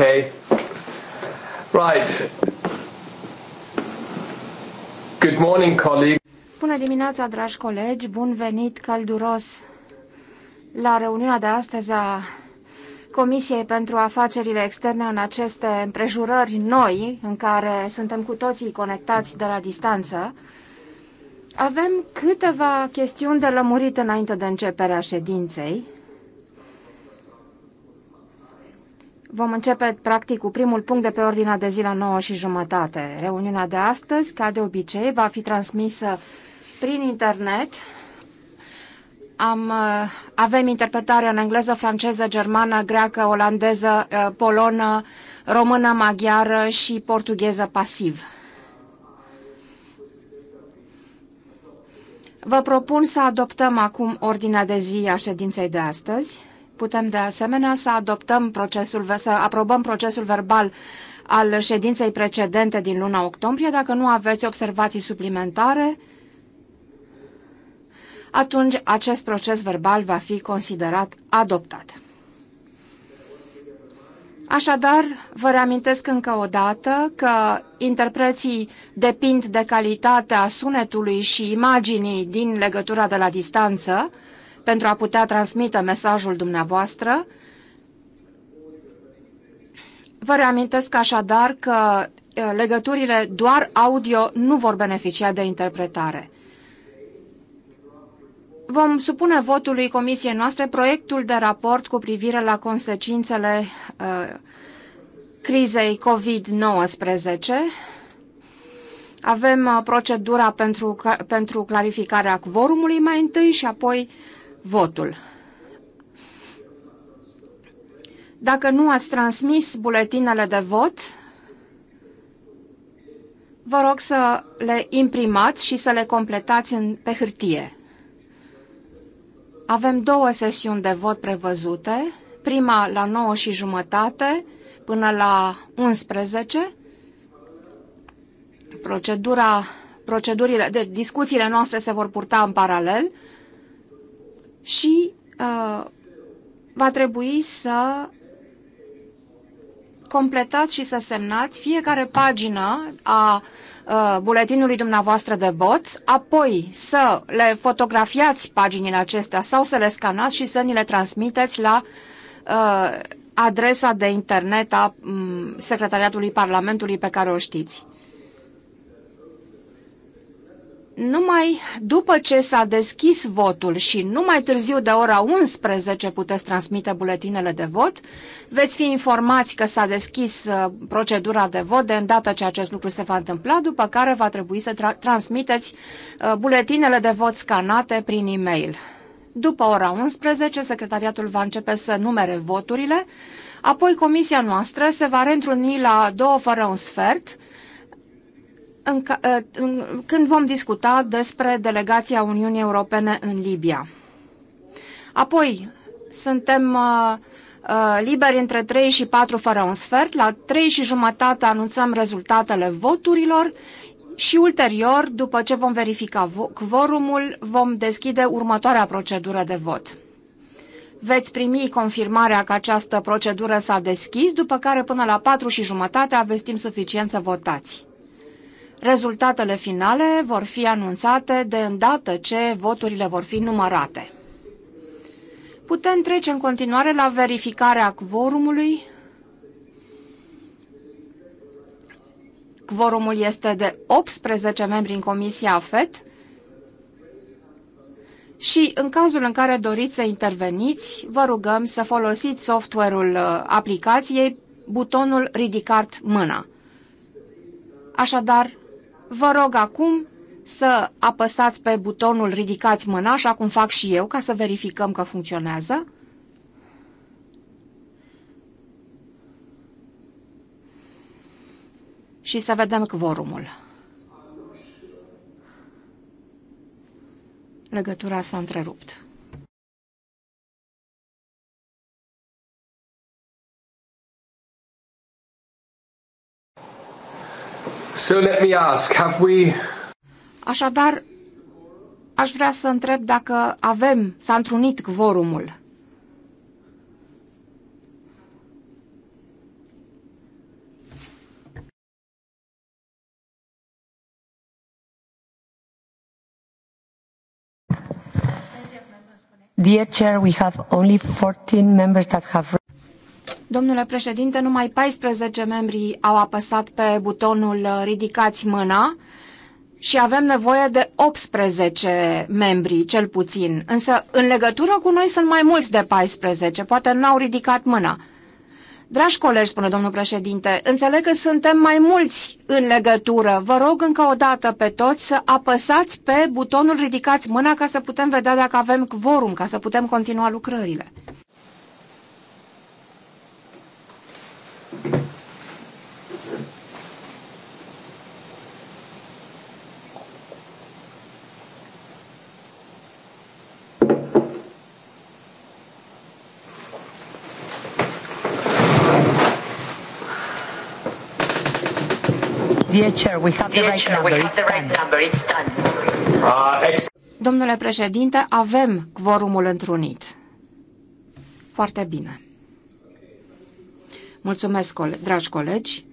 Okay. Right. Good morning, colleagues. Bună dimineața, dragi colegi. Bun venit călduros la reuniunea de astăzi a Comisiei pentru Afacerile Externe în aceste împrejurări noi în care suntem cu toții conectați de la distanță. Avem câteva chestiuni de lămurit înainte de începerea ședinței. Vom începe, practic, cu primul punct de pe ordinea de zi la 9 și jumătate. Reuniunea de astăzi, ca de obicei, va fi transmisă prin internet. Am, uh, avem interpretare în engleză, franceză, germană, greacă, olandeză, uh, polonă, română, maghiară și portugheză pasiv. Vă propun să adoptăm acum ordinea de zi a ședinței de astăzi. Putem de asemenea să adoptăm procesul, să aprobăm procesul verbal al ședinței precedente din luna octombrie. Dacă nu aveți observații suplimentare, atunci acest proces verbal va fi considerat adoptat. Așadar, vă reamintesc încă o dată că interpreții depind de calitatea sunetului și imaginii din legătura de la distanță, pentru a putea transmite mesajul dumneavoastră. Vă reamintesc așadar că legăturile doar audio nu vor beneficia de interpretare. Vom supune votului comisiei noastre proiectul de raport cu privire la consecințele uh, crizei COVID-19. Avem procedura pentru, pentru clarificarea quorumului mai întâi și apoi votul. Dacă nu ați transmis buletinele de vot, vă rog să le imprimați și să le completați în, pe hârtie. Avem două sesiuni de vot prevăzute, prima la 9 și jumătate până la 11. Procedura, procedurile, de, deci discuțiile noastre se vor purta în paralel și uh, va trebui să completați și să semnați fiecare pagină a uh, buletinului dumneavoastră de vot, apoi să le fotografiați paginile acestea sau să le scanați și să ni le transmiteți la uh, adresa de internet a um, Secretariatului Parlamentului pe care o știți numai după ce s-a deschis votul și numai târziu de ora 11 puteți transmite buletinele de vot, veți fi informați că s-a deschis uh, procedura de vot de îndată ce acest lucru se va întâmpla, după care va trebui să tra- transmiteți uh, buletinele de vot scanate prin e-mail. După ora 11, secretariatul va începe să numere voturile, apoi comisia noastră se va reîntruni la două fără un sfert, în, ă, în, când vom discuta despre delegația Uniunii Europene în Libia. Apoi, suntem uh, uh, liberi între 3 și 4 fără un sfert. La 3 și jumătate anunțăm rezultatele voturilor și ulterior, după ce vom verifica quorumul, vom deschide următoarea procedură de vot. Veți primi confirmarea că această procedură s-a deschis, după care până la 4 și jumătate aveți timp suficient să votați. Rezultatele finale vor fi anunțate de îndată ce voturile vor fi numărate. Putem trece în continuare la verificarea quorumului. Quorumul este de 18 membri în Comisia FET. și în cazul în care doriți să interveniți, vă rugăm să folosiți software-ul uh, aplicației, butonul ridicat mâna. Așadar, Vă rog acum să apăsați pe butonul Ridicați mâna, așa cum fac și eu, ca să verificăm că funcționează. Și să vedem cvorumul. Legătura s-a întrerupt. So let me ask, have we... Așadar, aș vrea să întreb dacă avem, s-a întrunit cvorumul. Dear Chair, we have only 14 members that have Domnule președinte, numai 14 membri au apăsat pe butonul uh, Ridicați mâna și avem nevoie de 18 membri, cel puțin. Însă, în legătură cu noi, sunt mai mulți de 14, poate n-au ridicat mâna. Dragi colegi, spune domnul președinte, înțeleg că suntem mai mulți în legătură. Vă rog încă o dată pe toți să apăsați pe butonul Ridicați mâna ca să putem vedea dacă avem quorum, ca să putem continua lucrările. Dear Chair, we have the right number. It's done. Uh, Domnule președinte, avem quorumul întrunit. Foarte bine. Mulțumesc, cole- dragi colegi.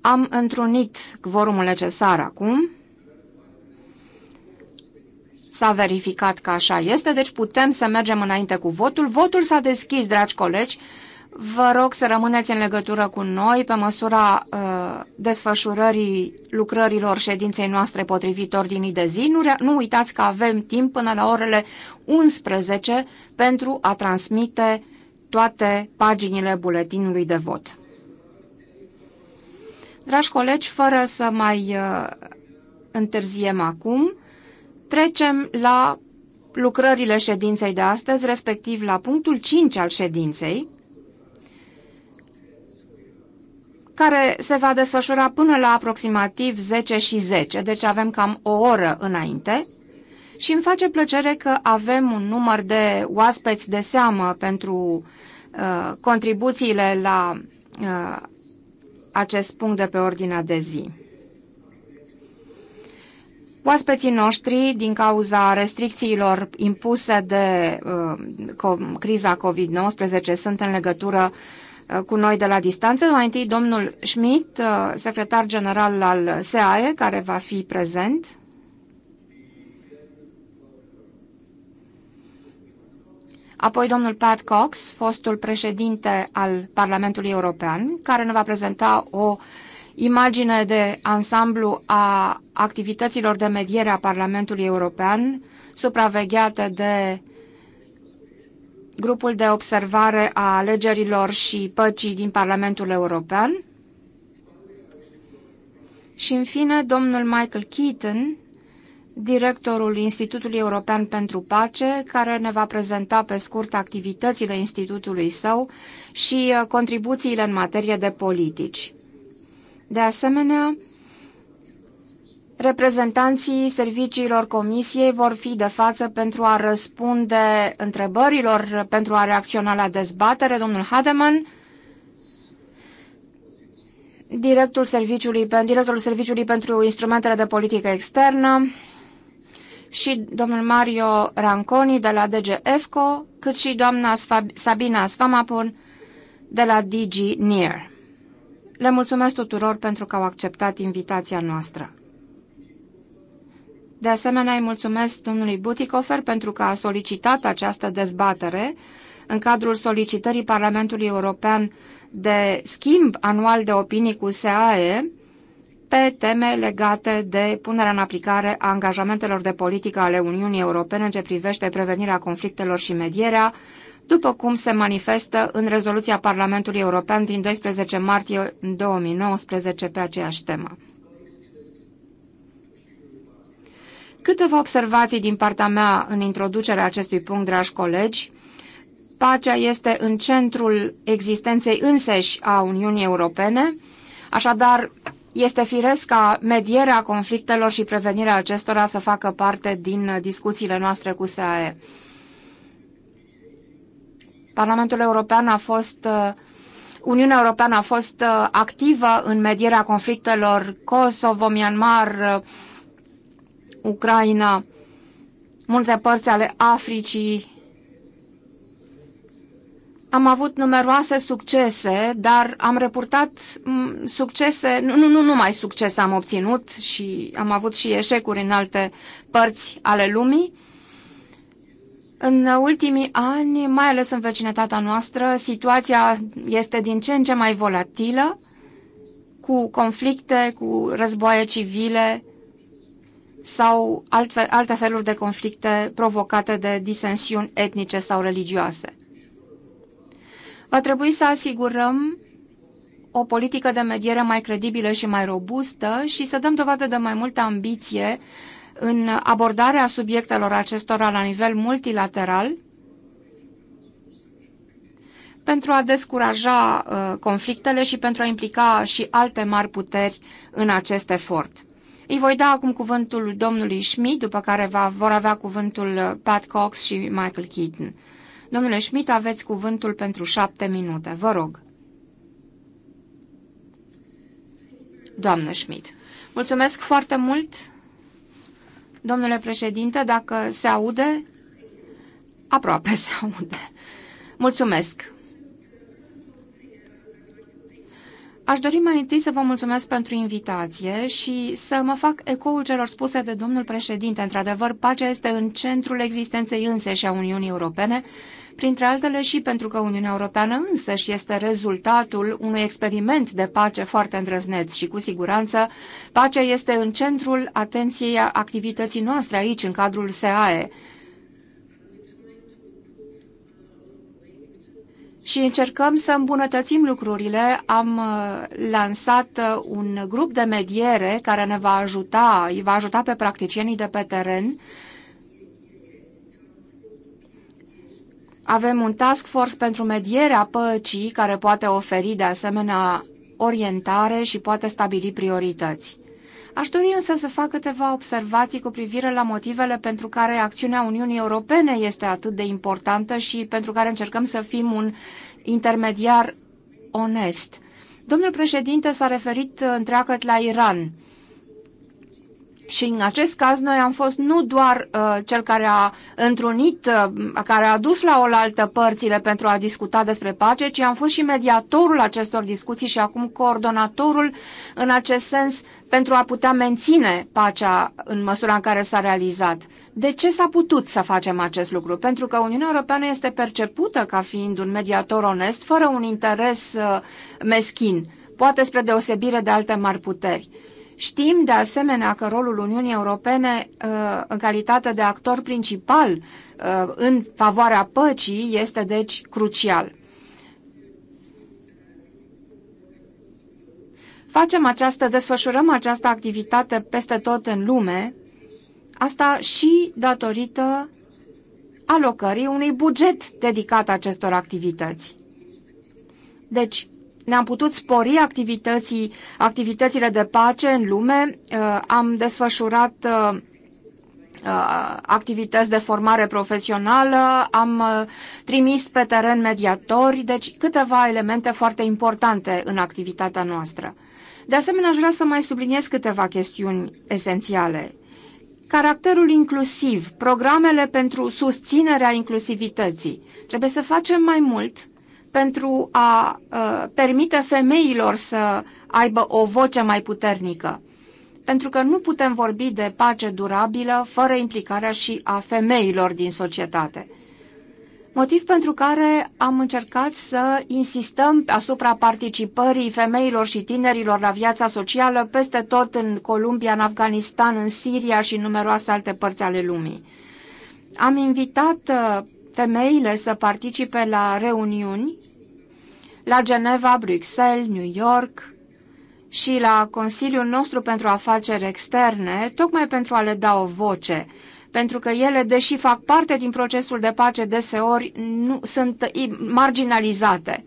Am întrunit quorumul necesar acum. S-a verificat că așa este, deci putem să mergem înainte cu votul. Votul s-a deschis, dragi colegi. Vă rog să rămâneți în legătură cu noi pe măsura uh, desfășurării lucrărilor ședinței noastre potrivit ordinii de zi. Nu, nu uitați că avem timp până la orele 11 pentru a transmite toate paginile buletinului de vot. Dragi colegi, fără să mai uh, întârziem acum, trecem la lucrările ședinței de astăzi, respectiv la punctul 5 al ședinței, care se va desfășura până la aproximativ 10 și 10, deci avem cam o oră înainte. Și îmi face plăcere că avem un număr de oaspeți de seamă pentru uh, contribuțiile la uh, acest punct de pe ordinea de zi. Oaspeții noștri, din cauza restricțiilor impuse de uh, co criza COVID-19, sunt în legătură uh, Uh, cu noi de la distanță. Mai întâi domnul Schmidt, uh, secretar general al SAE, care va fi prezent. Apoi domnul Pat Cox, fostul președinte al Parlamentului European, care ne va prezenta o imagine de ansamblu a activităților de mediere a Parlamentului European, supravegheată de grupul de observare a alegerilor și păcii din Parlamentul European. Și, în fine, domnul Michael Keaton, directorul Institutului European pentru Pace, care ne va prezenta pe scurt activitățile institutului său și uh, contribuțiile în materie de politici. De asemenea, Reprezentanții serviciilor comisiei vor fi de față pentru a răspunde întrebărilor, pentru a reacționa la dezbatere. Domnul Hademan, directorul serviciului, directorul serviciului pentru instrumentele de politică externă și domnul Mario Ranconi de la DG cât și doamna Sabina Sfamapun de la DG NEAR. Le mulțumesc tuturor pentru că au acceptat invitația noastră. De asemenea, îi mulțumesc domnului Butikofer pentru că a solicitat această dezbatere în cadrul solicitării Parlamentului European de schimb anual de opinii cu SAE pe teme legate de punerea în aplicare a angajamentelor de politică ale Uniunii Europene în ce privește prevenirea conflictelor și medierea, după cum se manifestă în rezoluția Parlamentului European din 12 martie 2019 pe aceeași temă. Câteva observații din partea mea în introducerea acestui punct, dragi colegi. Pacea este în centrul existenței înseși a Uniunii Europene, așadar este firesc ca medierea conflictelor și prevenirea acestora să facă parte din discuțiile noastre cu SAE. Parlamentul European a fost Uniunea Europeană a fost activă în medierea conflictelor Kosovo, Myanmar, Ucraina, multe părți ale Africii. Am avut numeroase succese, dar am reportat succese, nu, nu, nu numai succese am obținut și am avut și eșecuri în alte părți ale lumii. În ultimii ani, mai ales în vecinătatea noastră, situația este din ce în ce mai volatilă, cu conflicte, cu războaie civile, sau altfel, alte feluri de conflicte provocate de disensiuni etnice sau religioase. Va trebui să asigurăm o politică de mediere mai credibilă și mai robustă și să dăm dovadă de mai multă ambiție în abordarea subiectelor acestora la nivel multilateral pentru a descuraja uh, conflictele și pentru a implica și alte mari puteri în acest efort. Îi voi da acum cuvântul domnului Schmidt, după care va, vor avea cuvântul uh, Pat Cox și Michael Keaton. Domnule Schmidt, aveți cuvântul pentru șapte minute. Vă rog. Doamnă Schmidt, mulțumesc foarte mult, domnule președinte, dacă se aude, aproape se aude. Mulțumesc. Aș dori mai întâi să vă mulțumesc pentru invitație și să mă fac ecoul celor spuse de domnul președinte. Într-adevăr, pacea este în centrul existenței însă și a Uniunii Europene, printre altele și pentru că Uniunea Europeană însă, și este rezultatul unui experiment de pace foarte îndrăzneț și cu siguranță pacea este în centrul atenției activității noastre aici, în cadrul SAE și încercăm să îmbunătățim lucrurile. Am uh, lansat uh, un grup de mediere care ne va ajuta, îi va ajuta pe practicienii de pe teren. Avem un task force pentru medierea păcii care poate oferi de asemenea orientare și poate stabili priorități. Aș dori însă să fac câteva observații cu privire la motivele pentru care acțiunea Uniunii Europene este atât de importantă și pentru care încercăm să fim un intermediar onest. Domnul președinte s-a referit uh, întreagăt la Iran. Și în acest caz noi am fost nu doar uh, cel care a întrunit, uh, care a dus la oaltă părțile pentru a discuta despre pace, ci am fost și mediatorul acestor discuții și acum coordonatorul în acest sens pentru a putea menține pacea în măsura în care s-a realizat. De ce s-a putut să facem acest lucru? Pentru că Uniunea Europeană este percepută ca fiind un mediator onest, fără un interes uh, meschin, poate spre deosebire de alte mari puteri. Știm de asemenea că rolul Uniunii Europene uh, în calitate de actor principal uh, în favoarea păcii este deci crucial. Facem această, desfășurăm această activitate peste tot în lume, asta și datorită alocării unui buget dedicat acestor activități. Deci, ne-am putut spori activității, activitățile de pace în lume, uh, am desfășurat uh, uh, activități de formare profesională, am trimis pe teren mediatori, deci câteva elemente foarte importante în activitatea noastră. De asemenea, aș vrea să mai subliniez câteva chestiuni esențiale. Caracterul inclusiv, programele pentru susținerea inclusivității. Trebuie să facem mai mult pentru a uh, permite femeilor să aibă o voce mai puternică. Pentru că nu putem vorbi de pace durabilă fără implicarea și a femeilor din societate. Motiv pentru care am încercat să insistăm asupra participării femeilor și tinerilor la viața socială peste tot în Columbia, în Afganistan, în Siria și în numeroase alte părți ale lumii. Am invitat ă, femeile să participe la reuniuni la Geneva, Bruxelles, New York și la Consiliul nostru pentru afaceri externe, tocmai pentru a le da o voce, pentru că ele, deși fac parte din procesul de pace, deseori nu, sunt marginalizate.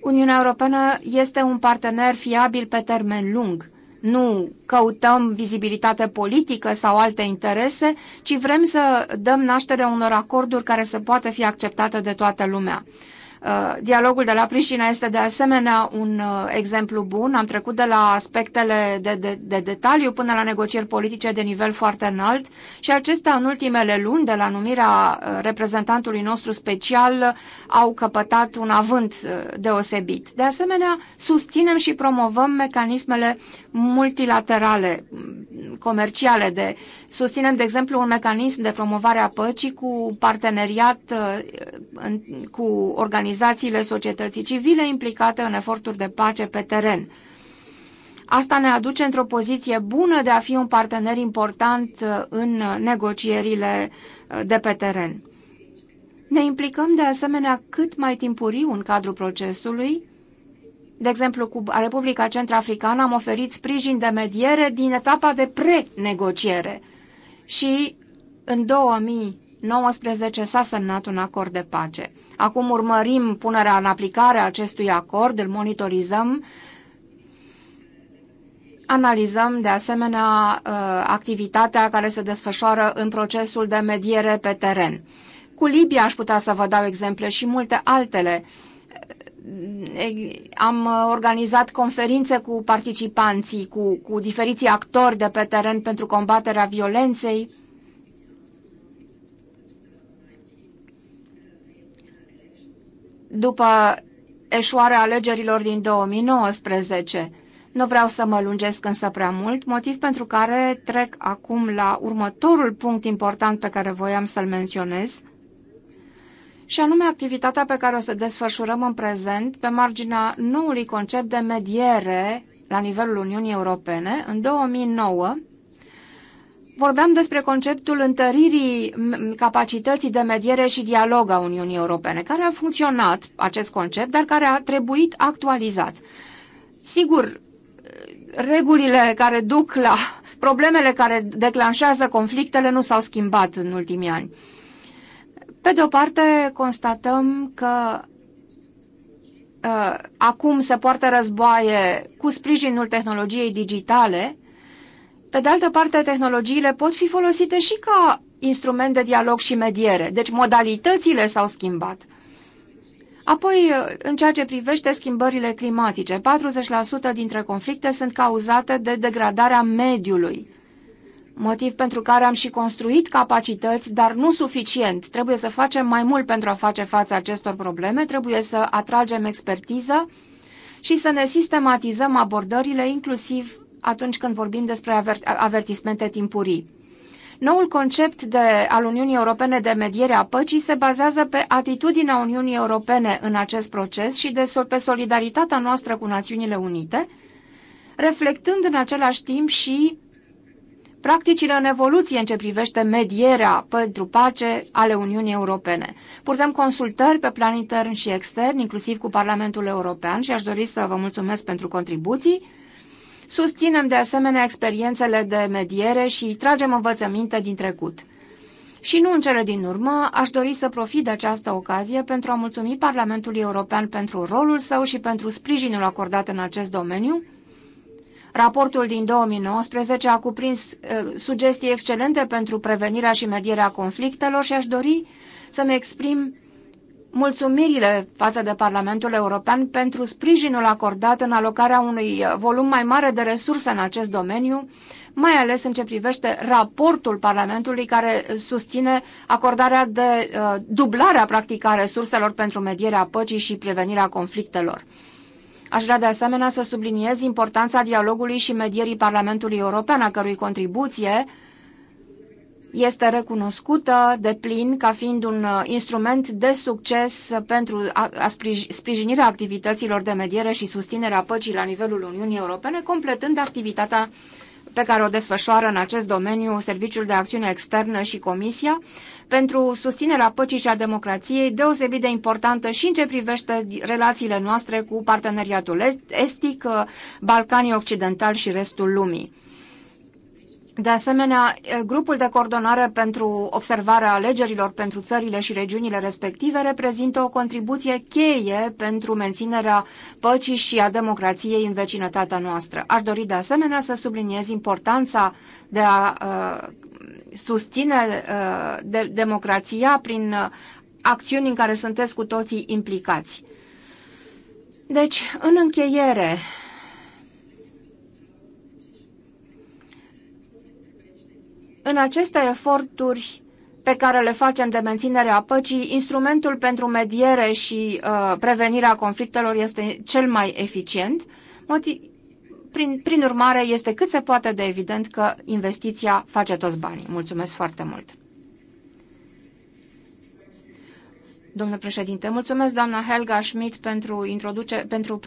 Uniunea Europeană este un partener fiabil pe termen lung nu căutăm vizibilitate politică sau alte interese, ci vrem să dăm naștere unor acorduri care să poată fi acceptate de toată lumea. Uh, dialogul de la Prișina este de asemenea un uh, exemplu bun. Am trecut de la aspectele de, de, de detaliu până la negocieri politice de nivel foarte înalt și acestea în ultimele luni, de la numirea uh, reprezentantului nostru special, au căpătat un avânt deosebit. De asemenea, susținem și promovăm mecanismele multilaterale, comerciale. De, susținem, de exemplu, un mecanism de promovare a păcii cu parteneriat uh, cu organizațiile societății civile implicate în eforturi de pace pe teren. Asta ne aduce într-o poziție bună de a fi un partener important uh, în negocierile uh, de pe teren. Ne implicăm de asemenea cât mai timpuriu în cadrul procesului, de exemplu, cu Republica Centrafricană am oferit sprijin de mediere din etapa de pre-negociere și în 2019 s-a semnat un acord de pace. Acum urmărim punerea în aplicare a acestui acord, îl monitorizăm, analizăm de asemenea uh, activitatea care se desfășoară în procesul de mediere pe teren. Cu Libia aș putea să vă dau exemple și multe altele am uh, organizat conferințe cu participanții, cu, cu diferiții actori de pe teren pentru combaterea violenței. După eșoarea alegerilor din 2019, nu vreau să mă lungesc însă prea mult, motiv pentru care trec acum la următorul punct important pe care voiam să-l menționez – și anume activitatea pe care o să desfășurăm în prezent pe marginea noului concept de mediere la nivelul Uniunii Europene. În 2009 vorbeam despre conceptul întăririi capacității de mediere și dialog a Uniunii Europene, care a funcționat acest concept, dar care a trebuit actualizat. Sigur, regulile care duc la problemele care declanșează conflictele nu s-au schimbat în ultimii ani. Pe de o parte, constatăm că uh, acum se poartă războaie cu sprijinul tehnologiei digitale. Pe de altă parte, tehnologiile pot fi folosite și ca instrument de dialog și mediere. Deci modalitățile s-au schimbat. Apoi, uh, în ceea ce privește schimbările climatice, 40% dintre conflicte sunt cauzate de degradarea mediului motiv pentru care am și construit capacități, dar nu suficient. Trebuie să facem mai mult pentru a face față acestor probleme, trebuie să atragem expertiză și să ne sistematizăm abordările, inclusiv atunci când vorbim despre avertismente timpurii. Noul concept de, al Uniunii Europene de mediere a păcii se bazează pe atitudinea Uniunii Europene în acest proces și de, pe solidaritatea noastră cu Națiunile Unite, reflectând în același timp și practicile în evoluție în ce privește medierea pentru pace ale Uniunii Europene. Purtăm consultări pe plan intern și extern, inclusiv cu Parlamentul European și aș dori să vă mulțumesc pentru contribuții. Susținem de asemenea experiențele de mediere și tragem învățăminte din trecut. Și nu în cele din urmă, aș dori să profit de această ocazie pentru a mulțumi Parlamentului European pentru rolul său și pentru sprijinul acordat în acest domeniu, Raportul din 2019 a cuprins uh, sugestii excelente pentru prevenirea și medierea conflictelor și aș dori să-mi exprim mulțumirile față de Parlamentul European pentru sprijinul acordat în alocarea unui uh, volum mai mare de resurse în acest domeniu, mai ales în ce privește raportul Parlamentului care uh, susține acordarea de uh, dublarea practică a resurselor pentru medierea păcii și prevenirea conflictelor. Aș vrea de asemenea să subliniez importanța dialogului și medierii Parlamentului European, a cărui contribuție este recunoscută de plin ca fiind un uh, instrument de succes pentru a sprijinirea activităților de mediere și susținerea păcii la nivelul Uniunii Europene, completând activitatea uh, pe care o desfășoară în acest domeniu Serviciul de Acțiune Externă și Comisia pentru susținerea păcii și a democrației, deosebit de importantă și în ce privește relațiile noastre cu parteneriatul estic, Balcanii Occidentali și restul lumii. De asemenea, grupul de coordonare pentru observarea alegerilor pentru țările și regiunile respective reprezintă o contribuție cheie pentru menținerea păcii și a democrației în vecinătatea noastră. Aș dori de asemenea să subliniez importanța de a uh, susține uh, de democrația prin acțiuni în care sunteți cu toții implicați. Deci, în încheiere, În aceste eforturi pe care le facem de menținere a păcii, instrumentul pentru mediere și uh, prevenirea conflictelor este cel mai eficient. Motiv prin, prin urmare, este cât se poate de evident că investiția face toți banii. Mulțumesc foarte mult! Domnule președinte, mulțumesc doamna Helga Schmidt pentru, introduce, pentru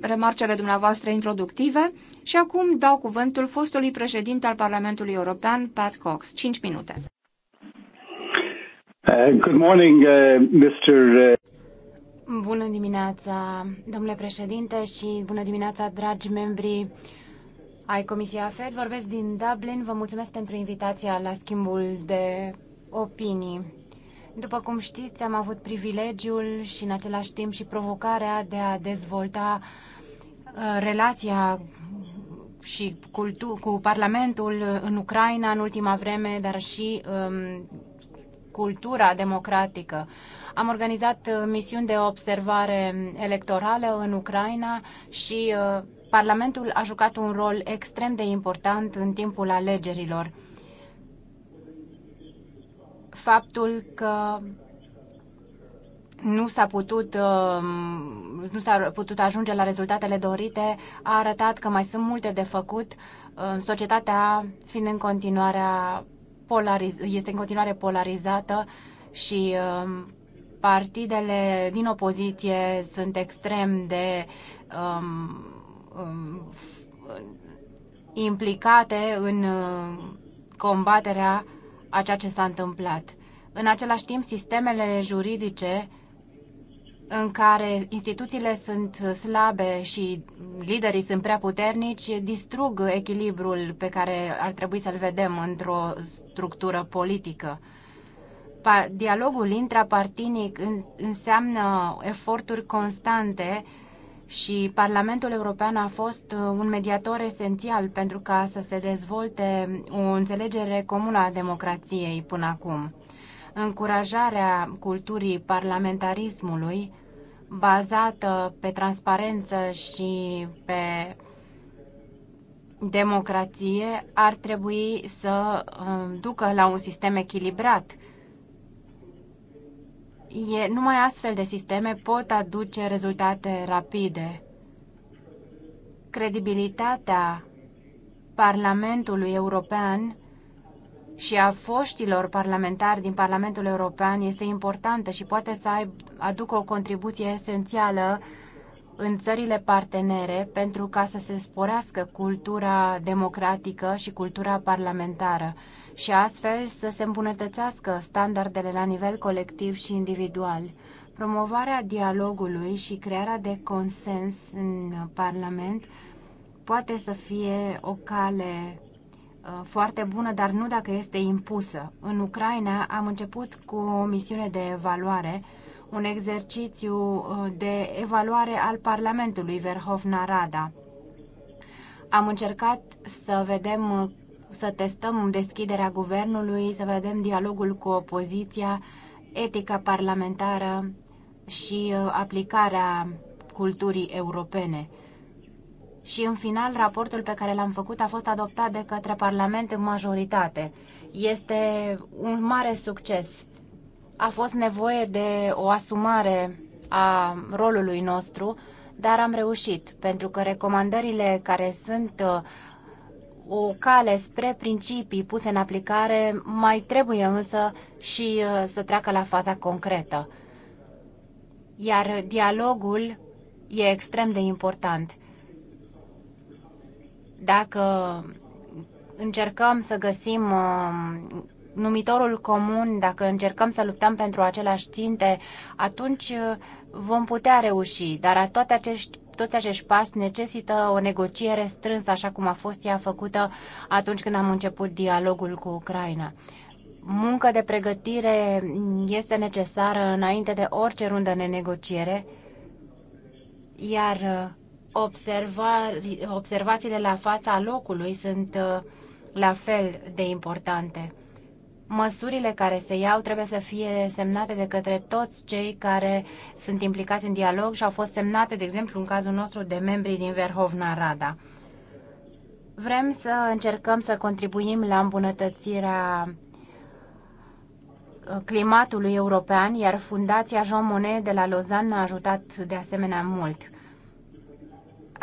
remarcele dumneavoastră introductive și acum dau cuvântul fostului președinte al Parlamentului European, Pat Cox. 5 minute. Uh, good morning, uh, Mr. Uh, bună dimineața, domnule președinte și bună dimineața, dragi membri ai Comisiei AFED. Vorbesc din Dublin. Vă mulțumesc pentru invitația la schimbul de opinii. După cum știți, am avut privilegiul și în același timp și provocarea de a dezvolta uh, relația și cultu- cu Parlamentul uh, în Ucraina în ultima vreme, dar și um, cultura democratică. Am organizat uh, misiuni de observare electorală în Ucraina și uh, Parlamentul a jucat un rol extrem de important în timpul alegerilor faptul că nu s-a putut, um, nu s-a putut ajunge la rezultatele dorite a arătat că mai sunt multe de făcut, um, societatea fiind în continuare polariz- este în continuare polarizată și um, partidele din opoziție sunt extrem de um, implicate în combaterea uh, a ceea ce s-a întâmplat. În același timp, sistemele juridice în care instituțiile sunt slabe și liderii sunt prea puternici, distrug echilibrul pe care ar trebui să-l vedem într-o structură politică. Dialogul intrapartinic înseamnă eforturi constante și Parlamentul European a fost uh, un mediator esențial pentru ca să se dezvolte o înțelegere comună a democrației până acum. Încurajarea culturii parlamentarismului bazată pe transparență și pe democrație ar trebui să uh, ducă la un sistem echilibrat E, numai astfel de sisteme pot aduce rezultate rapide. Credibilitatea Parlamentului European și a foștilor parlamentari din Parlamentul European este importantă și poate să aducă o contribuție esențială în țările partenere pentru ca să se sporească cultura democratică și cultura parlamentară și astfel să se îmbunătățească standardele la nivel colectiv și individual. Promovarea dialogului și crearea de consens în Parlament poate să fie o cale uh, foarte bună, dar nu dacă este impusă. În Ucraina am început cu o misiune de evaluare un exercițiu uh, de evaluare al Parlamentului verhovna Rada. Am încercat să vedem, uh, să testăm deschiderea guvernului, să vedem dialogul cu opoziția, etica parlamentară și uh, aplicarea culturii europene. Și în final, raportul pe care l-am făcut a fost adoptat de către Parlament în majoritate. Este un mare succes a fost nevoie de o asumare a rolului nostru, dar am reușit, pentru că recomandările care sunt uh, o cale spre principii puse în aplicare mai trebuie însă și uh, să treacă la faza concretă. Iar dialogul e extrem de important. Dacă încercăm să găsim uh, numitorul comun, dacă încercăm să luptăm pentru aceleași ținte, atunci uh, vom putea reuși. Dar toate acești toți acești pași necesită o negociere strânsă, așa cum a fost ea făcută atunci când am început dialogul cu Ucraina. Muncă de pregătire este necesară înainte de orice rundă de negociere, iar uh, observa, observațiile la fața locului sunt uh, la fel de importante măsurile care se iau trebuie să fie semnate de către toți cei care sunt implicați în dialog și au fost semnate, de exemplu, în cazul nostru, de membrii din Verhovna Rada. Vrem să încercăm să contribuim la îmbunătățirea uh, climatului european, iar Fundația Jean Monnet de la Lausanne a ajutat de asemenea mult.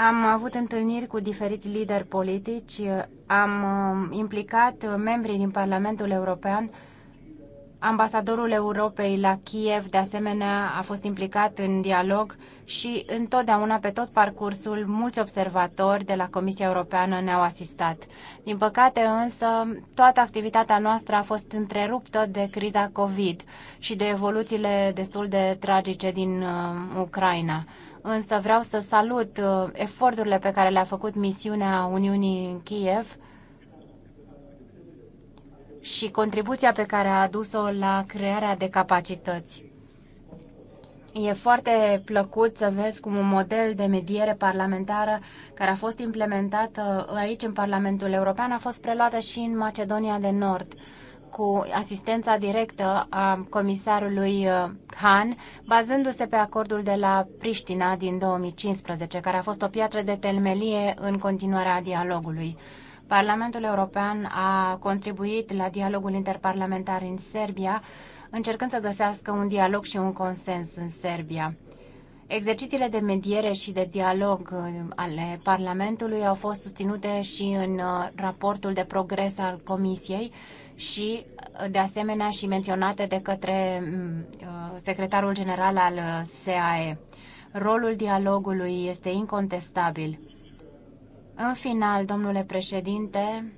Am avut întâlniri cu diferiți lideri politici, am um, implicat uh, membrii din Parlamentul European, ambasadorul Europei la Kiev, de asemenea, a fost implicat în dialog și întotdeauna pe tot parcursul mulți observatori de la Comisia Europeană ne-au asistat. Din păcate însă, toată activitatea noastră a fost întreruptă de criza COVID și de evoluțiile destul de tragice din uh, Ucraina însă vreau să salut uh, eforturile pe care le-a făcut misiunea Uniunii în Kiev și contribuția pe care a adus-o la crearea de capacități. E foarte plăcut să vezi cum un model de mediere parlamentară care a fost implementat aici în Parlamentul European a fost preluată și în Macedonia de Nord cu asistența directă a comisarului Khan, uh, bazându-se pe acordul de la Priștina din 2015, care a fost o piatră de telmelie în continuarea dialogului. Parlamentul European a contribuit la dialogul interparlamentar în Serbia, încercând să găsească un dialog și un consens în Serbia. Exercițiile de mediere și de dialog uh, ale Parlamentului au fost susținute și în uh, raportul de progres al Comisiei, și, de asemenea, și menționate de către mm, uh, secretarul general al uh, SAE. Rolul dialogului este incontestabil. În final, domnule președinte,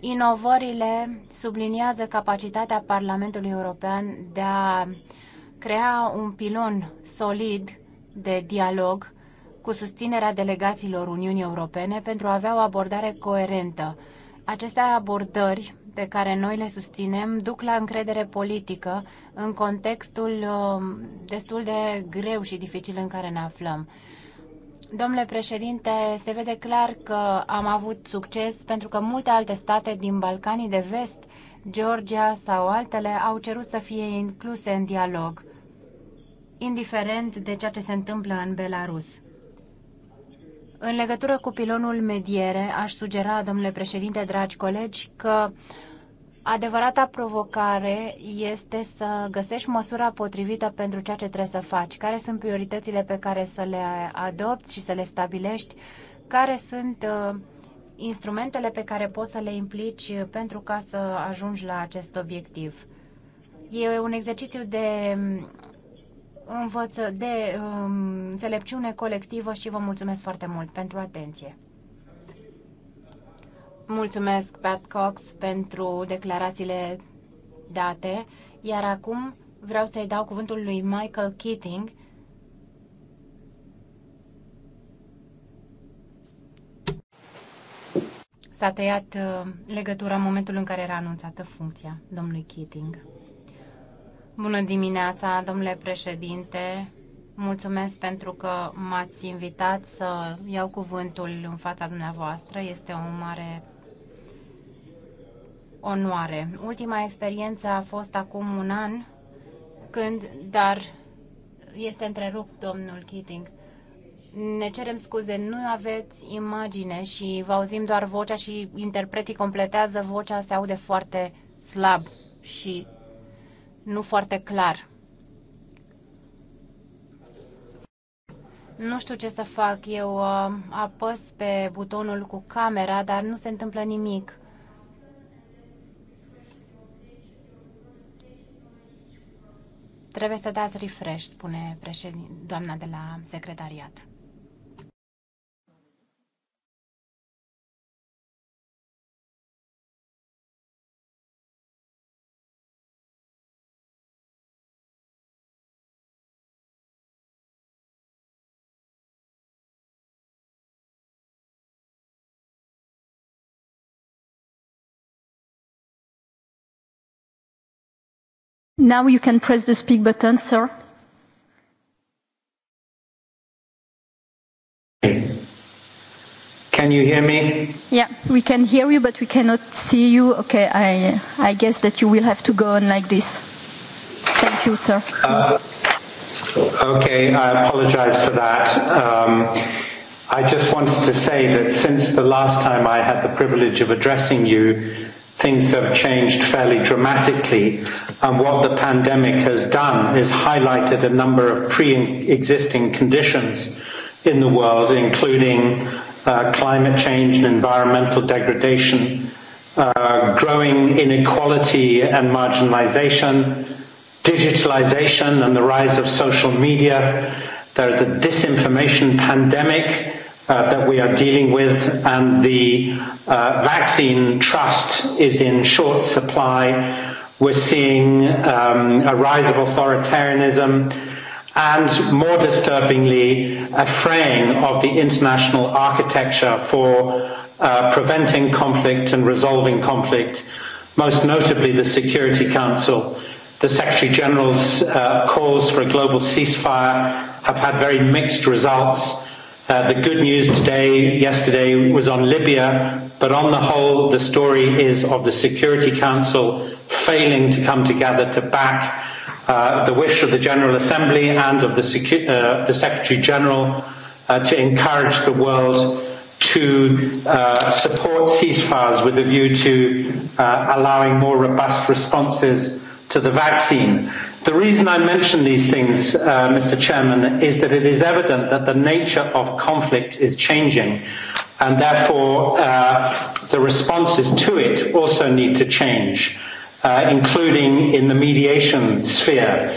inovările subliniază capacitatea Parlamentului European de a crea un pilon solid de dialog cu susținerea delegațiilor Uniunii Europene pentru a avea o abordare coerentă aceste abordări pe care noi le susținem duc la încredere politică în contextul um, destul de greu și dificil în care ne aflăm. Domnule președinte, se vede clar că am avut succes pentru că multe alte state din Balcanii de vest, Georgia sau altele, au cerut să fie incluse în dialog, indiferent de ceea ce se întâmplă în Belarus. În legătură cu pilonul mediere, aș sugera, domnule președinte, dragi colegi, că Adevărata provocare este să găsești măsura potrivită pentru ceea ce trebuie să faci, care sunt prioritățile pe care să le adopți și să le stabilești, care sunt uh, instrumentele pe care poți să le implici pentru ca să ajungi la acest obiectiv. E un exercițiu de învăță, de um, selepciune colectivă și vă mulțumesc foarte mult pentru atenție. Mulțumesc, Pat Cox, pentru declarațiile date, iar acum vreau să-i dau cuvântul lui Michael Keating. S-a tăiat uh, legătura în momentul în care era anunțată funcția domnului Keating. Bună dimineața, domnule președinte. Mulțumesc pentru că m-ați invitat să iau cuvântul în fața dumneavoastră. Este o mare onoare. Ultima experiență a fost acum un an, când, dar este întrerupt domnul Keating. Ne cerem scuze, nu aveți imagine și vă auzim doar vocea și interpretii completează vocea, se aude foarte slab și nu foarte clar. Nu știu ce să fac, eu uh, apăs pe butonul cu camera, dar nu se întâmplă nimic. Trebuie să dați refresh, spune președin, doamna de la secretariat. Now you can press the speak button, sir. Can you hear me? Yeah, we can hear you, but we cannot see you. Okay, I, I guess that you will have to go on like this. Thank you, sir. Uh, okay, I apologize for that. Um, I just wanted to say that since the last time I had the privilege of addressing you, things have changed fairly dramatically. And what the pandemic has done is highlighted a number of pre-existing conditions in the world, including uh, climate change and environmental degradation, uh, growing inequality and marginalization, digitalization and the rise of social media. There is a disinformation pandemic Uh, that we are dealing with, and the uh, vaccine trust is in short supply. We're seeing um, a rise of authoritarianism and, more disturbingly, a fraying of the international architecture for uh, preventing conflict and resolving conflict, most notably the Security Council. The Secretary General's uh, calls for a global ceasefire have had very mixed results Uh, the good news today, yesterday, was on Libya, but on the whole, the story is of the Security Council failing to come together to back uh, the wish of the General Assembly and of the, Secu- uh, the Secretary General uh, to encourage the world to uh, support ceasefires with a view to uh, allowing more robust responses to the vaccine. The reason I mention these things, uh, Mr. Chairman, is that it is evident that the nature of conflict is changing, and therefore uh, the responses to it also need to change, uh, including in the mediation sphere.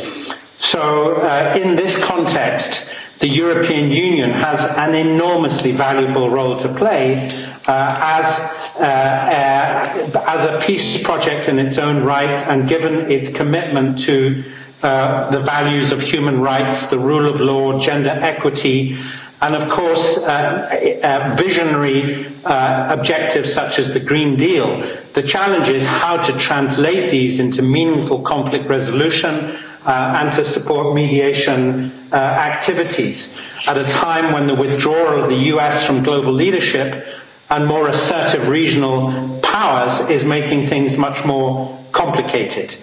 So, uh, in this context, the European Union has an enormously valuable role to play uh, as, uh, uh, as a peace project in its own right and given its commitment to uh, the values of human rights, the rule of law, gender equity, and of course uh, uh, visionary uh, objectives such as the Green Deal. The challenge is how to translate these into meaningful conflict resolution uh, and to support mediation uh, activities at a time when the withdrawal of the US from global leadership and more assertive regional powers is making things much more complicated.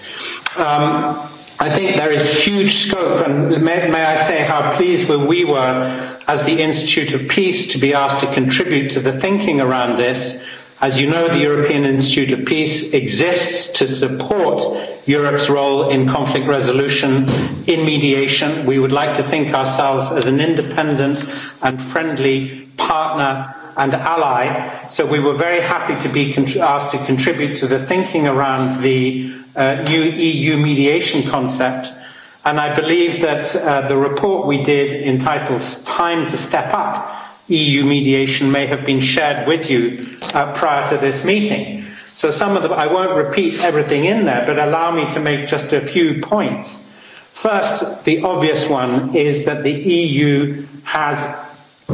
Um, I think there is huge scope, and may, may I say how pleased we were as the Institute of Peace to be asked to contribute to the thinking around this. As you know, the European Institute of Peace exists to support Europe's role in conflict resolution, in mediation. We would like to think ourselves as an independent and friendly partner and ally. So we were very happy to be asked to contribute to the thinking around the uh, new EU mediation concept. And I believe that uh, the report we did entitled Time to Step Up EU mediation may have been shared with you uh, prior to this meeting. So some of the, I won't repeat everything in there, but allow me to make just a few points. First, the obvious one is that the EU has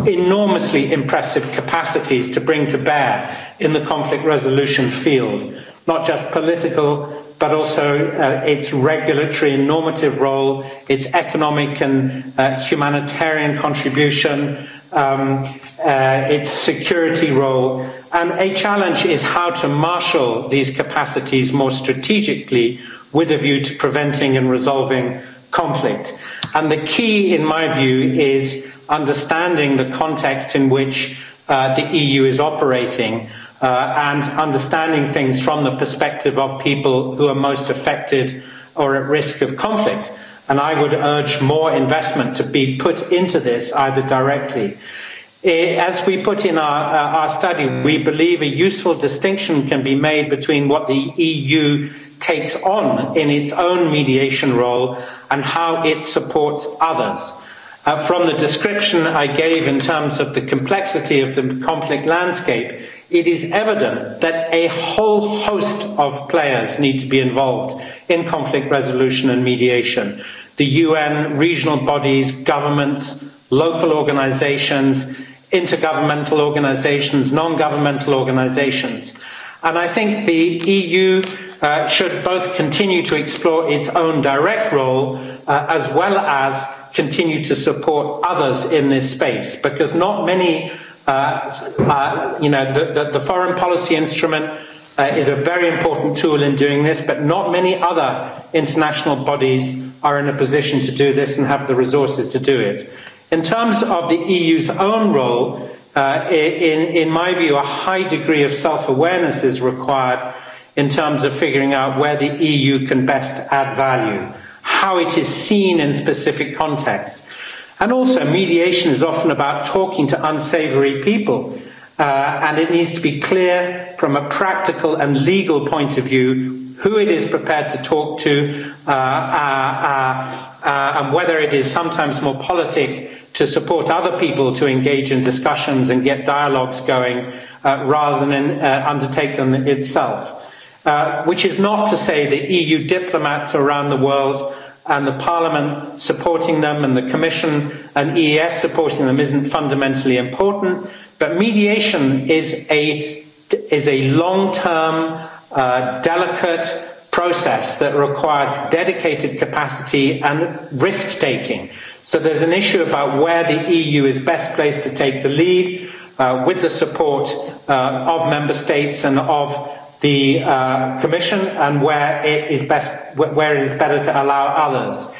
enormously impressive capacities to bring to bear in the conflict resolution field, not just political, but also uh, its regulatory and normative role, its economic and uh, humanitarian contribution, um, uh, its security role. And a challenge is how to marshal these capacities more strategically with a view to preventing and resolving conflict. And the key, in my view, is understanding the context in which uh, the EU is operating uh, and understanding things from the perspective of people who are most affected or at risk of conflict. And I would urge more investment to be put into this either directly. As we put in our, uh, our study, we believe a useful distinction can be made between what the EU takes on in its own mediation role and how it supports others uh, from the description I gave in terms of the complexity of the conflict landscape, it is evident that a whole host of players need to be involved in conflict resolution and mediation. The UN, regional bodies, governments, local organizations, intergovernmental organizations, non-governmental organizations. And I think the EU uh, should both continue to explore its own direct role uh, as well as continue to support others in this space because not many, uh, uh, you know, the, the, the foreign policy instrument uh, is a very important tool in doing this, but not many other international bodies are in a position to do this and have the resources to do it. In terms of the EU's own role, uh, in, in my view, a high degree of self-awareness is required in terms of figuring out where the EU can best add value how it is seen in specific contexts. And also, mediation is often about talking to unsavory people, uh, and it needs to be clear from a practical and legal point of view who it is prepared to talk to, uh, uh, uh, uh, and whether it is sometimes more politic to support other people to engage in discussions and get dialogues going uh, rather than uh, undertake them itself. Uh, which is not to say that EU diplomats around the world and the Parliament supporting them and the Commission and EES supporting them isn't fundamentally important. But mediation is a is a long-term, uh, delicate process that requires dedicated capacity and risk-taking. So there's an issue about where the EU is best placed to take the lead uh, with the support uh, of member states and of the uh, Commission and where it is best, where it is better to allow others.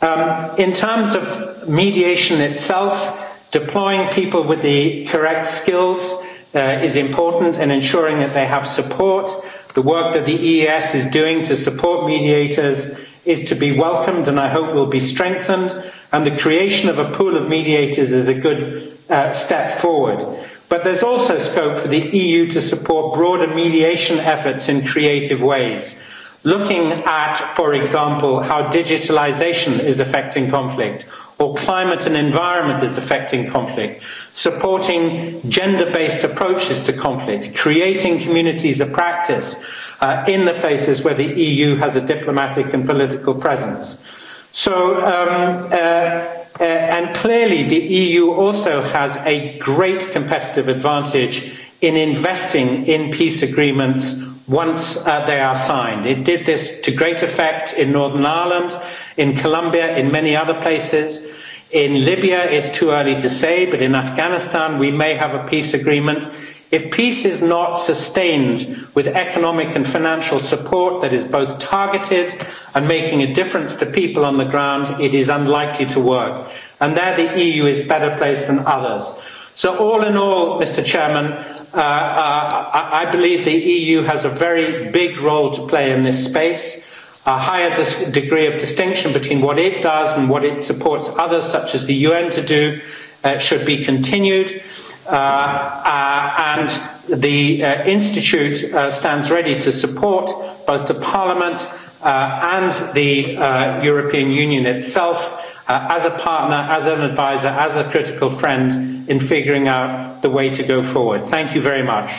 Um, in terms of mediation itself, deploying people with the correct skills uh, is important and ensuring that they have support. The work that the EES is doing to support mediators is to be welcomed and I hope will be strengthened. And the creation of a pool of mediators is a good uh, step forward. But there's also scope for the EU to support broader mediation efforts in creative ways, looking at, for example, how digitalization is affecting conflict or climate and environment is affecting conflict, supporting gender-based approaches to conflict, creating communities of practice uh, in the places where the EU has a diplomatic and political presence. So um, uh, Uh, and clearly, the EU also has a great competitive advantage in investing in peace agreements once uh, they are signed. It did this to great effect in Northern Ireland, in Colombia, in many other places. In Libya, it's too early to say, but in Afghanistan, we may have a peace agreement If peace is not sustained with economic and financial support that is both targeted and making a difference to people on the ground, it is unlikely to work. And there the EU is better placed than others. So all in all, Mr. Chairman, uh, uh, I, believe the EU has a very big role to play in this space a higher dis- degree of distinction between what it does and what it supports others, such as the UN, to do uh, should be continued. Uh, uh, and the uh, Institute uh, stands ready to support both the Parliament uh, and the uh, European Union itself uh, as a partner, as an advisor, as a critical friend in figuring out the way to go forward. Thank you very much.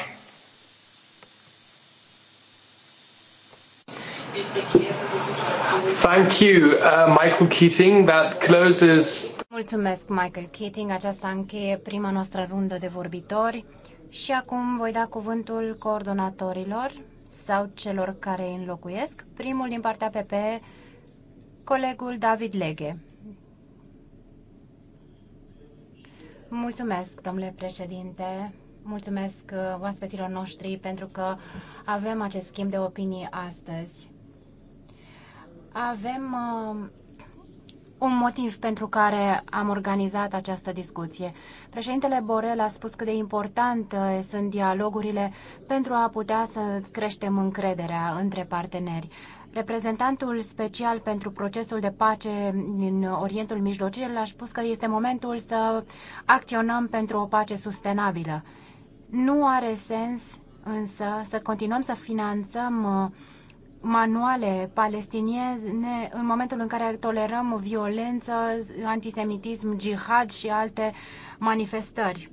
Thank you, uh, Michael Keating. That closes Mulțumesc, Michael Keating. Aceasta încheie prima noastră rundă de vorbitori și acum voi da cuvântul coordonatorilor sau celor care îi înlocuiesc. Primul din partea PP, colegul David Leghe. Mulțumesc, domnule președinte. Mulțumesc uh, oaspeților noștri pentru că avem acest schimb de opinii astăzi. Avem uh, un motiv pentru care am organizat această discuție. Președintele Borel a spus cât de important uh, sunt dialogurile pentru a putea să creștem încrederea între parteneri. Reprezentantul special pentru procesul de pace din Orientul Mijlociu a spus că este momentul să acționăm pentru o pace sustenabilă. Nu are sens însă să continuăm să finanțăm uh, manuale palestiniene în momentul în care tolerăm violență, antisemitism, jihad și alte manifestări.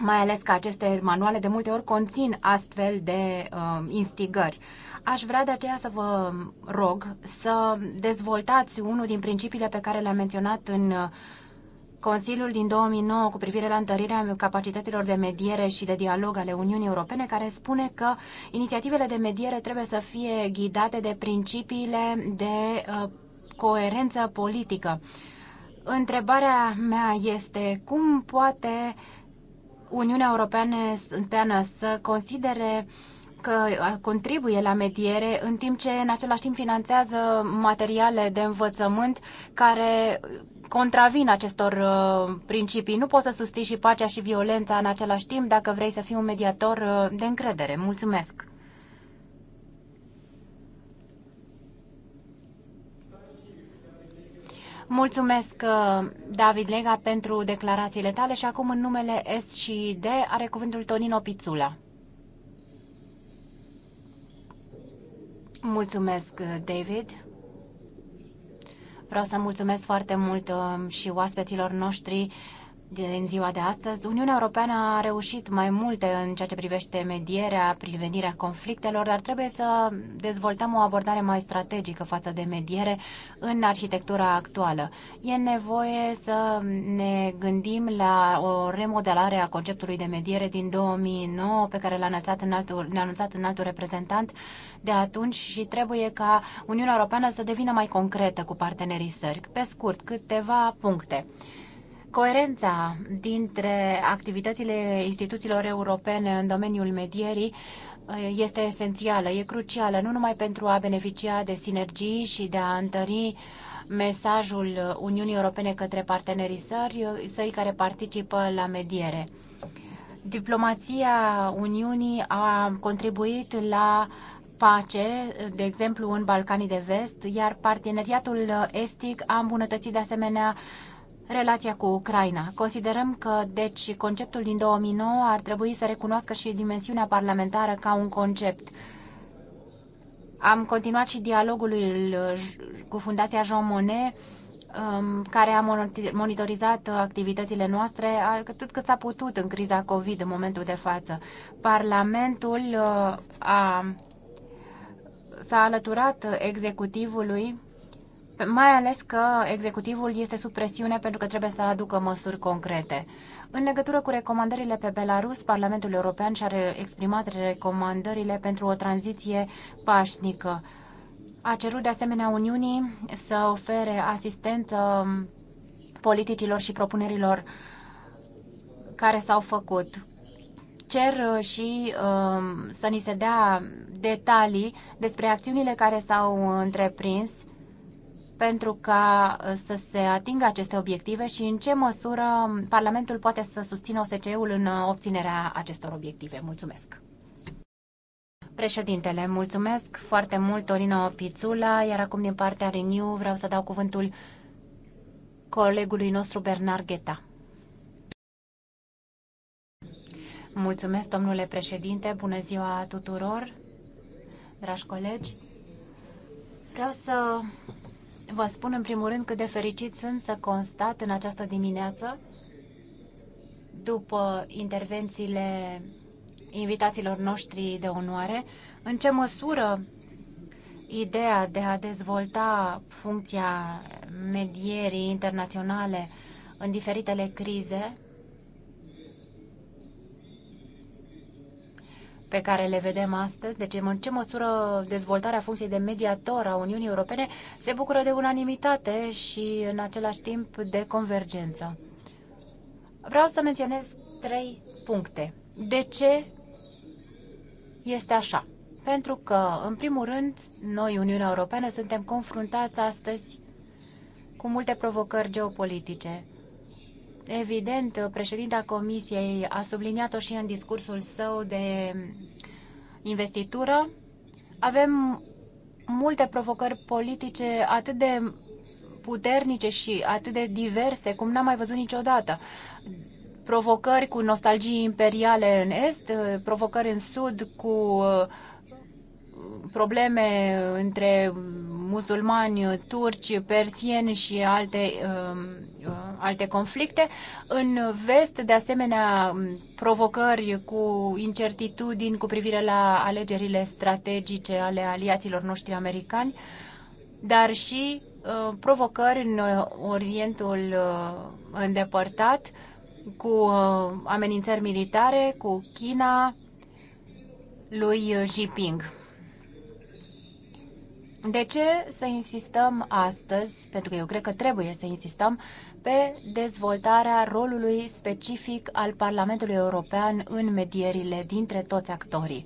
Mai ales că aceste manuale de multe ori conțin astfel de uh, instigări. Aș vrea de aceea să vă rog să dezvoltați unul din principiile pe care le-am menționat în uh, Consiliul din 2009 cu privire la întărirea capacităților de mediere și de dialog ale Uniunii Europene, care spune că inițiativele de mediere trebuie să fie ghidate de principiile de uh, coerență politică. Întrebarea mea este cum poate Uniunea Europeană să considere că uh, contribuie la mediere, în timp ce în același timp finanțează materiale de învățământ care contravin acestor uh, principii. Nu poți să susții și pacea și violența în același timp dacă vrei să fii un mediator uh, de încredere. Mulțumesc! Mulțumesc, uh, David Lega, pentru declarațiile tale și acum în numele S și D are cuvântul Tonino Pițula. Mulțumesc, David. Vreau să mulțumesc foarte mult um, și oaspeților noștri din ziua de astăzi, Uniunea Europeană a reușit mai multe în ceea ce privește medierea, prevenirea conflictelor, dar trebuie să dezvoltăm o abordare mai strategică față de mediere în arhitectura actuală. E nevoie să ne gândim la o remodelare a conceptului de mediere din 2009 pe care l-a anunțat în altul, ne-a anunțat în altul reprezentant de atunci și trebuie ca Uniunea Europeană să devină mai concretă cu partenerii sări. Pe scurt, câteva puncte coerența dintre activitățile instituțiilor europene în domeniul medierii eh, este esențială, e crucială, nu numai pentru a beneficia de sinergii și de a întări mesajul Uniunii Europene către partenerii sări, eh, săi care participă la mediere. Diplomația Uniunii a contribuit la pace, de exemplu în Balcanii de Vest, iar parteneriatul estic a îmbunătățit de asemenea relația cu Ucraina. Considerăm că, deci, conceptul din 2009 ar trebui să recunoască și dimensiunea parlamentară ca un concept. Am continuat și dialogul cu Fundația Jean Monnet, um, care a monitorizat activitățile noastre atât cât s-a putut în criza COVID în momentul de față. Parlamentul uh, a, s-a alăturat executivului mai ales că executivul este sub presiune pentru că trebuie să aducă măsuri concrete. În legătură cu recomandările pe Belarus, Parlamentul European și-a exprimat recomandările pentru o tranziție pașnică. A cerut de asemenea Uniunii să ofere asistență politicilor și propunerilor care s-au făcut. Cer uh, și um, să ni se dea detalii despre acțiunile care s-au uh, întreprins pentru ca uh, să se atingă aceste obiective și în ce măsură Parlamentul poate să susțină OSCE-ul în uh, obținerea acestor obiective. Mulțumesc! Președintele, mulțumesc foarte mult, Torino Pițula, iar acum din partea Renew vreau să dau cuvântul colegului nostru Bernard Gheta. Mulțumesc, domnule președinte, bună ziua tuturor, dragi colegi. Vreau să vă spun în primul rând cât de fericit sunt să constat în această dimineață, după intervențiile invitațiilor noștri de onoare, în ce măsură ideea de a dezvolta funcția medierii internaționale în diferitele crize pe care le vedem astăzi, deci în ce măsură dezvoltarea funcției de mediator a Uniunii Europene se bucură de unanimitate și în același timp de convergență. Vreau să menționez trei puncte. De ce este așa? Pentru că, în primul rând, noi, Uniunea Europeană, suntem confruntați astăzi cu multe provocări geopolitice Evident, președinta Comisiei a subliniat-o și în discursul său de investitură. Avem multe provocări politice atât de puternice și atât de diverse, cum n-am mai văzut niciodată. Provocări cu nostalgii imperiale în Est, provocări în Sud cu probleme între musulmani, turci, persieni și alte um, Uh, alte conflicte. În vest, de asemenea, provocări cu incertitudini cu privire la alegerile strategice ale aliaților noștri americani, dar și uh, provocări în uh, Orientul îndepărtat cu amenințări militare, cu China lui Jinping. De ce să insistăm astăzi? Pentru că eu cred că trebuie să insistăm pe dezvoltarea rolului specific al Parlamentului European în medierile dintre toți actorii.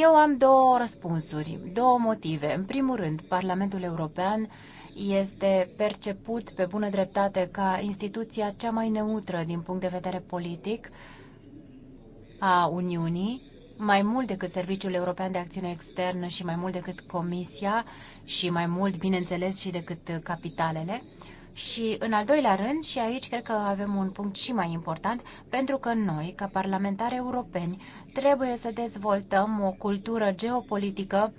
Eu am două răspunsuri, două motive. În primul rând, Parlamentul European este perceput pe bună dreptate ca instituția cea mai neutră din punct de vedere politic a Uniunii, mai mult decât Serviciul European de Acțiune Externă și mai mult decât Comisia și mai mult, bineînțeles, și decât capitalele. Și în al doilea rând, și aici cred că avem un punct și mai important, pentru că noi, ca parlamentari europeni, trebuie să dezvoltăm o cultură geopolitică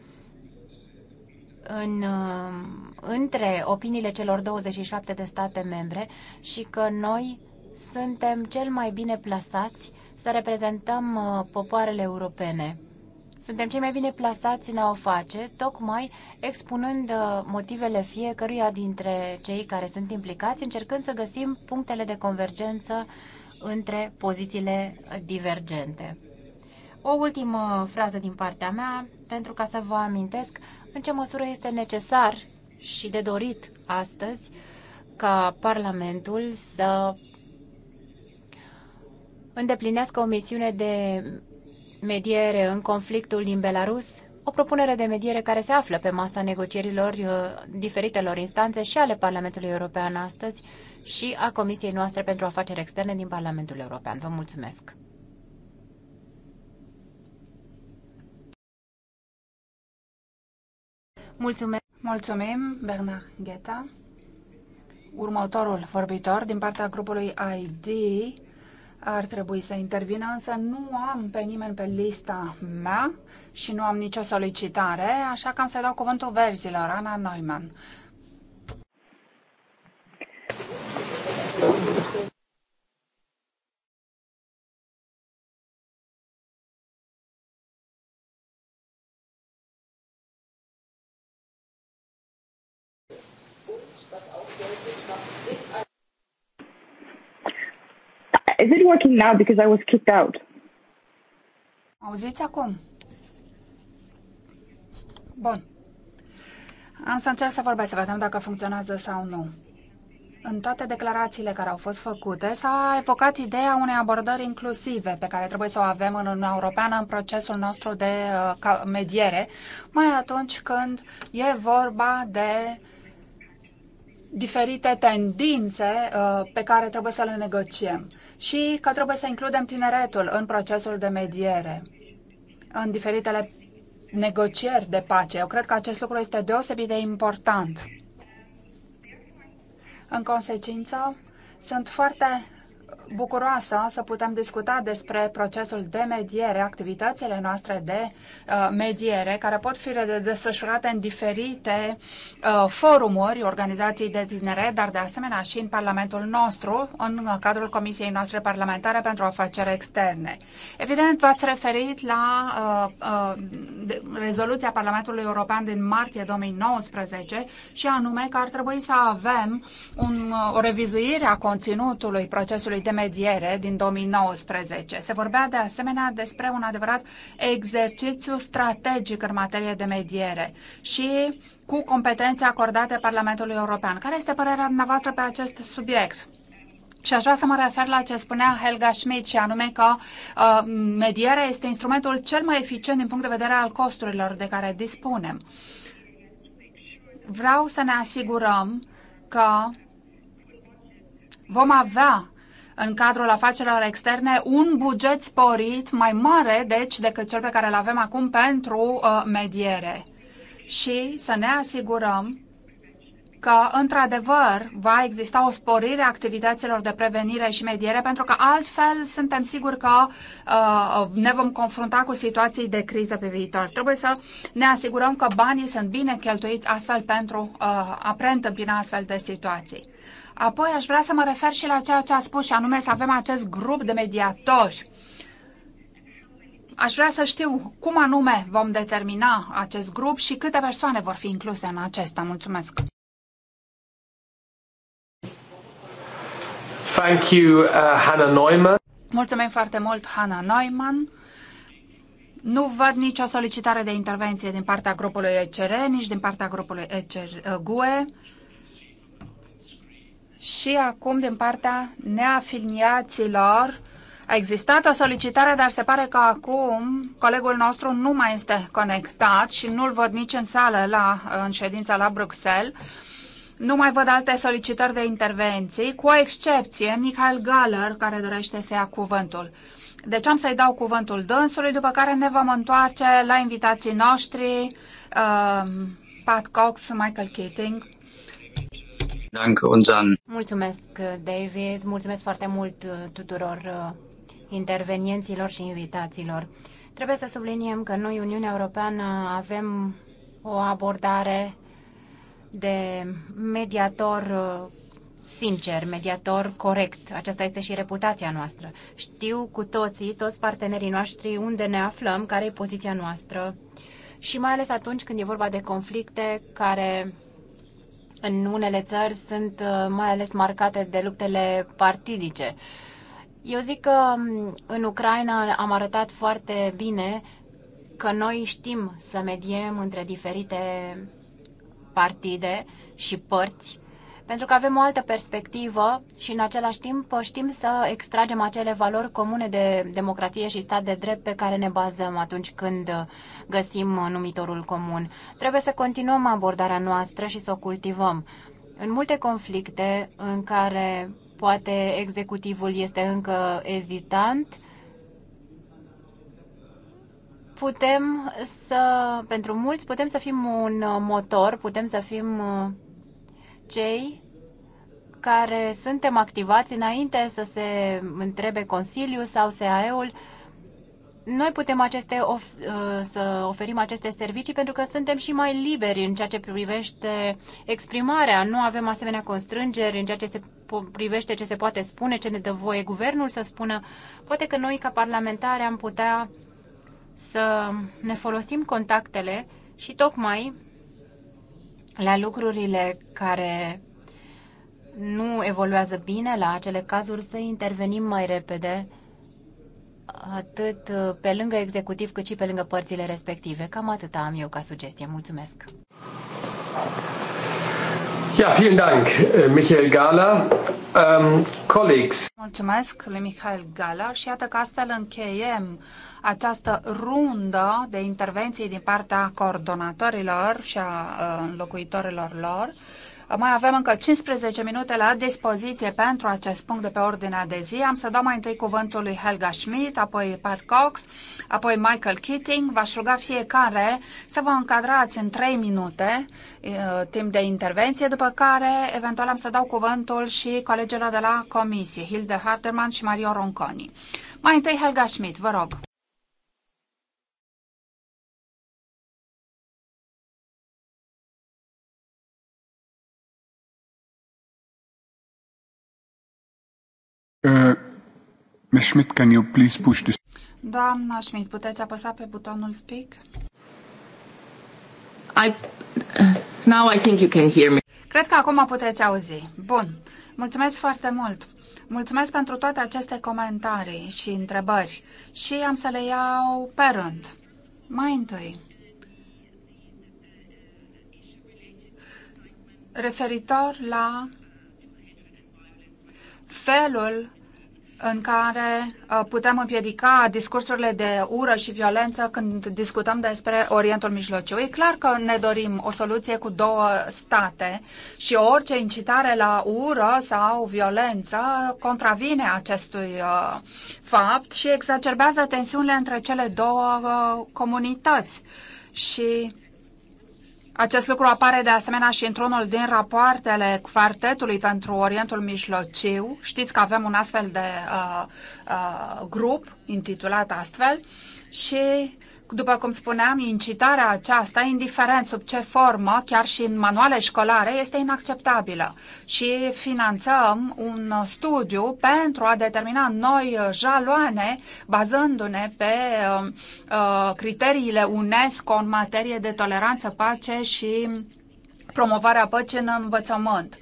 în, între opiniile celor 27 de state membre și că noi suntem cel mai bine plasați să reprezentăm uh, popoarele europene suntem cei mai bine plasați în a o face, tocmai expunând uh, motivele fiecăruia dintre cei care sunt implicați, încercând să găsim punctele de convergență între pozițiile divergente. O ultimă frază din partea mea, pentru ca să vă amintesc în ce măsură este necesar și de dorit astăzi ca Parlamentul să îndeplinească o misiune de mediere în conflictul din Belarus, o propunere de mediere care se află pe masa negocierilor uh, diferitelor instanțe și ale Parlamentului European astăzi și a Comisiei noastre pentru afaceri externe din Parlamentul European. Vă mulțumesc! Mulțumesc! Mulțumim, Bernard Gheta. Următorul vorbitor din partea grupului ID ar trebui să intervină, însă nu am pe nimeni pe lista mea și nu am nicio solicitare, așa că am să-i dau cuvântul verzilor, Ana Neumann. Is it working now because I was kicked out? Auziți acum? Bun. Am să încerc să vorbesc, să vedem dacă funcționează sau nu. În toate declarațiile care au fost făcute s-a evocat ideea unei abordări inclusive pe care trebuie să o avem în Uniunea Europeană în procesul nostru de uh, mediere, mai atunci când e vorba de diferite tendințe uh, pe care trebuie să le negociem și că trebuie să includem tineretul în procesul de mediere, în diferitele negocieri de pace. Eu cred că acest lucru este deosebit de important. În consecință, sunt foarte bucuroasă să putem discuta despre procesul de mediere, activitățile noastre de uh, mediere, care pot fi desfășurate în diferite uh, forumuri, organizații de tinere, dar de asemenea și în Parlamentul nostru, în uh, cadrul Comisiei noastre parlamentare pentru afaceri externe. Evident, v-ați referit la rezoluția Parlamentului European din martie 2019 și anume că ar trebui să avem un, o revizuire a conținutului procesului mandatului de mediere din 2019. Se vorbea de asemenea despre un adevărat exercițiu strategic în materie de mediere și cu competențe acordate Parlamentului European. Care este părerea dumneavoastră pe acest subiect? Și aș vrea să mă refer la ce spunea Helga Schmidt, și anume că uh, medierea este instrumentul cel mai eficient din punct de vedere al costurilor de care dispunem. Vreau să ne asigurăm că vom avea în cadrul afacerilor externe un buget sporit mai mare, deci, decât cel pe care îl avem acum pentru uh, mediere. Și să ne asigurăm că, într-adevăr, va exista o sporire a activităților de prevenire și mediere, pentru că altfel suntem siguri că uh, ne vom confrunta cu situații de criză pe viitor. Trebuie să ne asigurăm că banii sunt bine cheltuiți astfel pentru uh, a preîntâmpina astfel de situații. Apoi aș vrea să mă refer și la ceea ce a spus și anume să avem acest grup de mediatori. Aș vrea să știu cum anume vom determina acest grup și câte persoane vor fi incluse în acesta. Mulțumesc! Thank you, uh, Hannah Neumann. Mulțumim foarte mult, Hannah Neumann. Nu văd nicio solicitare de intervenție din partea grupului ECR, nici din partea grupului ECR, uh, GUE. Și acum, din partea neafiliaților, a existat o solicitare, dar se pare că acum colegul nostru nu mai este conectat și nu-l văd nici în sală la, în ședința la Bruxelles. Nu mai văd alte solicitări de intervenții, cu o excepție, Michael Galler, care dorește să ia cuvântul. Deci am să-i dau cuvântul dânsului, după care ne vom întoarce la invitații noștri, uh, Pat Cox, Michael Keating Mulțumesc, David. Mulțumesc foarte mult uh, tuturor uh, intervenienților și invitaților. Trebuie să subliniem că noi, Uniunea Europeană, avem o abordare de mediator uh, sincer, mediator corect. Aceasta este și reputația noastră. Știu cu toții, toți partenerii noștri, unde ne aflăm, care e poziția noastră și mai ales atunci când e vorba de conflicte care în unele țări sunt uh, mai ales marcate de luptele partidice. Eu zic că um, în Ucraina am arătat foarte bine că noi știm să mediem între diferite partide și părți pentru că avem o altă perspectivă și în același timp uh, știm să extragem acele valori comune de democrație și stat de drept pe care ne bazăm atunci când uh, găsim uh, numitorul comun. Trebuie să continuăm abordarea noastră și să o cultivăm. În multe conflicte în care poate executivul este încă ezitant, putem să, pentru mulți, putem să fim un motor, putem să fim cei care suntem activați înainte să se întrebe Consiliul sau SAE-ul noi putem aceste of, uh, să oferim aceste servicii pentru că suntem și mai liberi în ceea ce privește exprimarea. Nu avem asemenea constrângeri în ceea ce se privește ce se poate spune, ce ne dă voie guvernul să spună. Poate că noi, ca parlamentari, am putea să ne folosim contactele și tocmai la lucrurile care nu evoluează bine, la acele cazuri să intervenim mai repede, atât pe lângă executiv cât și pe lângă părțile respective. Cam atât am eu ca sugestie. Mulțumesc! Ja, vielen Dank, äh, Michael Gala. Um, ähm, colleagues. Mulțumesc lui Michael Gala și iată că astfel încheiem această rundă de intervenții din partea coordonatorilor și a uh, înlocuitorilor lor mai avem încă 15 minute la dispoziție pentru acest punct de pe ordinea de zi. Am să dau mai întâi cuvântul lui Helga Schmidt, apoi Pat Cox, apoi Michael Keating. V-aș ruga fiecare să vă încadrați în 3 minute timp de intervenție, după care eventual am să dau cuvântul și colegilor de la comisie, Hilde Harderman și Mario Ronconi. Mai întâi Helga Schmidt, vă rog. Ms. Schmidt, can you please push this? Doamna Schmidt, puteți apăsa pe butonul speak? I... Now I think you can hear me. Cred că acum puteți auzi. Bun. Mulțumesc foarte mult. Mulțumesc pentru toate aceste comentarii și întrebări și am să le iau pe rând. Mai întâi, referitor la felul în care uh, putem împiedica discursurile de ură și violență când discutăm despre Orientul Mijlociu. E clar că ne dorim o soluție cu două state și orice incitare la ură sau violență contravine acestui uh, fapt și exacerbează tensiunile între cele două uh, comunități. Și acest lucru apare de asemenea și într-unul din rapoartele Quartetului pentru Orientul Mijlociu. Știți că avem un astfel de uh, uh, grup intitulat astfel și după cum spuneam, incitarea aceasta, indiferent sub ce formă, chiar și în manuale școlare, este inacceptabilă și finanțăm un studiu pentru a determina noi jaloane bazându-ne pe uh, uh criteriile UNESCO în materie de toleranță, pace și promovarea păcii în învățământ.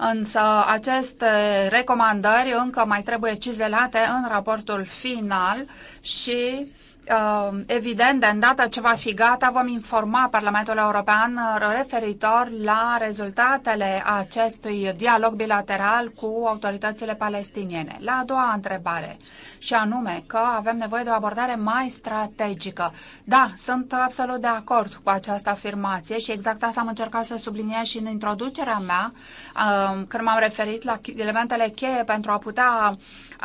Însă aceste recomandări încă mai trebuie cizelate în raportul final și uh, evident, de îndată ce va fi gata, vom informa Parlamentul European uh, referitor la rezultatele acestui dialog bilateral cu autoritățile palestiniene. La a doua întrebare, și anume că avem nevoie de o abordare mai strategică. Da, sunt absolut de acord cu această afirmație și exact asta am încercat să subliniez și în introducerea mea, uh, când m-am referit la elementele cheie pentru a putea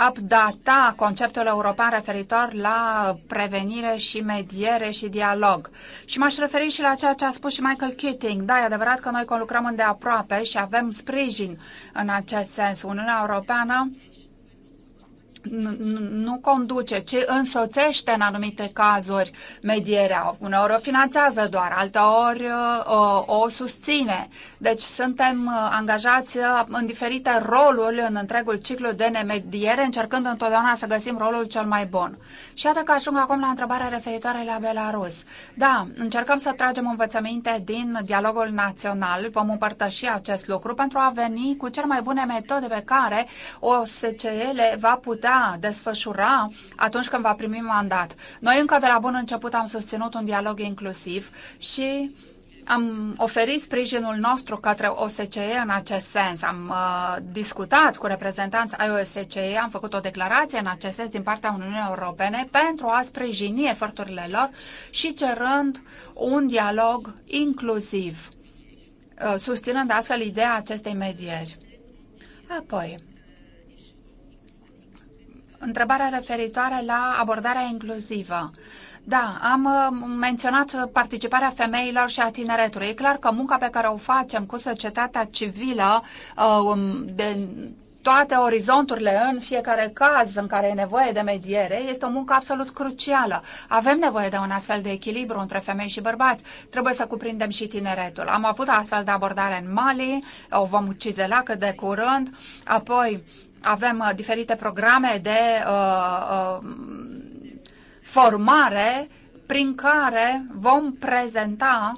updata conceptul european referitor la prevenire și mediere și dialog. Și m-aș referi și la ceea ce a spus și Michael Keating. Da, e adevărat că noi conlucrăm îndeaproape și avem sprijin în acest sens. Uniunea Europeană nu conduce, ci însoțește în anumite cazuri medierea. Uneori o finanțează doar, alteori uh, o, o susține. Deci suntem uh, angajați uh, în diferite roluri în întregul ciclu de mediere, încercând întotdeauna să găsim rolul cel mai bun. Și iată că ajung acum la întrebarea referitoare la Belarus. Da, încercăm să tragem învățăminte din dialogul național, vom împărtăși acest lucru pentru a veni cu cele mai bune metode pe care OSCE le va putea putea desfășura atunci când va primi mandat. Noi încă de la bun început am susținut un dialog inclusiv și am oferit sprijinul nostru către OSCE în acest sens. Am uh, discutat cu reprezentanți ai OSCE, am făcut o declarație în acest sens din partea Uniunii Europene pentru a sprijini eforturile lor și cerând un dialog inclusiv, uh, susținând astfel ideea acestei medieri. Apoi, întrebarea referitoare la abordarea inclusivă. Da, am uh, menționat participarea femeilor și a tineretului. E clar că munca pe care o facem cu societatea civilă uh, um, de toate orizonturile în fiecare caz în care e nevoie de mediere este o muncă absolut crucială. Avem nevoie de un astfel de echilibru între femei și bărbați. Trebuie să cuprindem și tineretul. Am avut astfel de abordare în Mali, o vom la cât de curând, apoi avem uh, diferite programe de uh, uh, formare prin care vom prezenta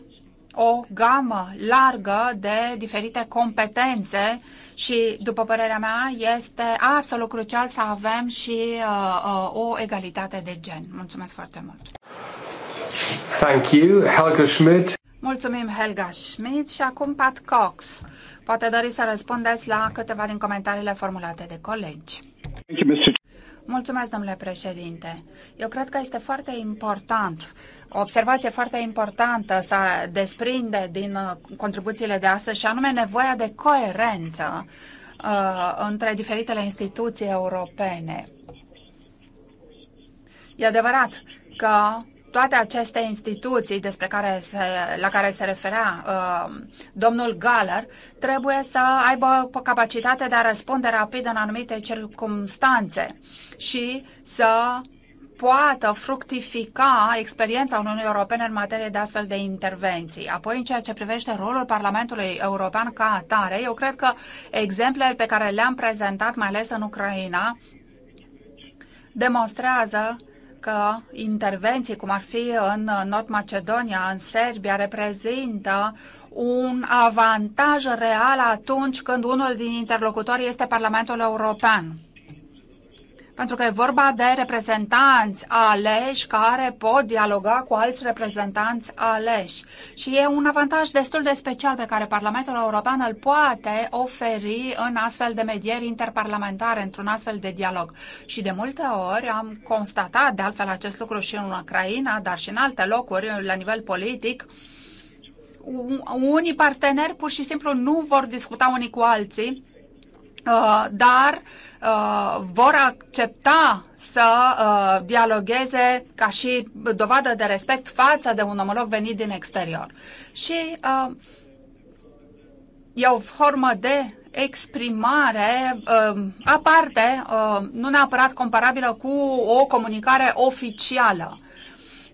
o gamă largă de diferite competențe și, după părerea mea, este absolut crucial să avem și uh, uh, o egalitate de gen. Mulțumesc foarte mult! Thank you, Helga Schmidt. Mulțumim, Helga Schmidt și acum Pat Cox. Poate dori să răspundeți la câteva din comentariile formulate de colegi. Mulțumesc, domnule președinte. Eu cred că este foarte important, o observație foarte importantă să desprinde din uh, contribuțiile de astăzi și anume nevoia de coerență uh, între diferitele instituții europene. E adevărat că toate aceste instituții despre care se, la care se referea uh, domnul Galler trebuie să aibă capacitatea de a răspunde rapid în anumite circumstanțe și să poată fructifica experiența Uniunii Europene în materie de astfel de intervenții. Apoi, în ceea ce privește rolul Parlamentului European ca atare, eu cred că exemplele pe care le-am prezentat, mai ales în Ucraina, demonstrează uh, că intervenții, cum ar fi în Nord Macedonia, în Serbia, reprezintă un avantaj real atunci când unul din interlocutori este Parlamentul European pentru că e vorba de reprezentanți aleși care pot dialoga cu alți reprezentanți aleși. Și e un avantaj destul de special pe care Parlamentul European îl poate oferi în astfel de medieri interparlamentare, într-un astfel de dialog. Și de multe ori am constatat de altfel acest lucru și în Ucraina, dar și în alte locuri la nivel politic, unii parteneri pur și simplu nu vor discuta unii cu alții Uh, dar uh, vor accepta să uh, dialogueze ca și dovadă de respect față de un omolog venit din exterior. Și e o formă de exprimare aparte, nu neapărat comparabilă cu o comunicare oficială.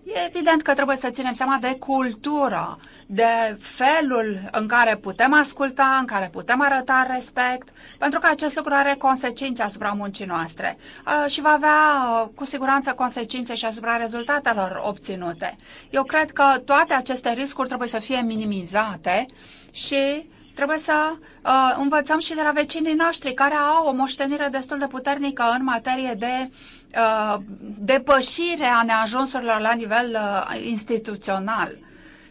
E evident că trebuie să ținem seama de cultură, de felul în care putem asculta, în care putem arăta respect, pentru că acest lucru are consecințe asupra muncii noastre uh, și va avea uh, cu siguranță consecințe și asupra rezultatelor obținute. Eu cred că toate aceste riscuri trebuie să fie minimizate și Trebuie să uh, învățăm și de la vecinii noștri care au o moștenire destul de puternică în materie de uh, depășire a neajunsurilor la nivel uh, instituțional.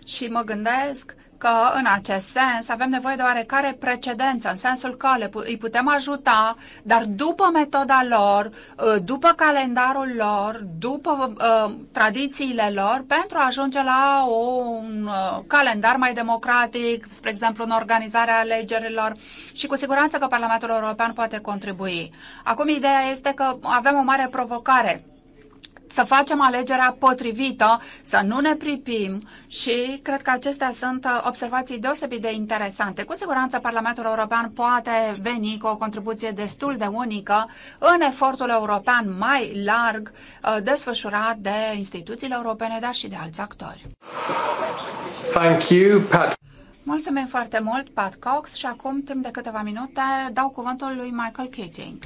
Și mă gândesc că, în acest sens, avem nevoie de oarecare precedență, în sensul că le, îi putem ajuta, dar după metoda lor, ă, după calendarul lor, după uh, tradițiile lor, pentru a ajunge la un uh, calendar mai democratic, spre exemplu, în organizarea alegerilor și cu siguranță că Parlamentul European poate contribui. Acum, ideea este că avem o mare provocare să facem alegerea potrivită, să nu ne pripim și cred că acestea sunt uh, observații deosebit de interesante. Cu siguranță Parlamentul European poate veni cu o contribuție destul de unică în efortul european mai larg uh, desfășurat de instituțiile europene, dar și de alți actori. Thank you, Pat. Mulțumim foarte mult, Pat Cox, și acum, timp de câteva minute, dau cuvântul lui Michael Keating.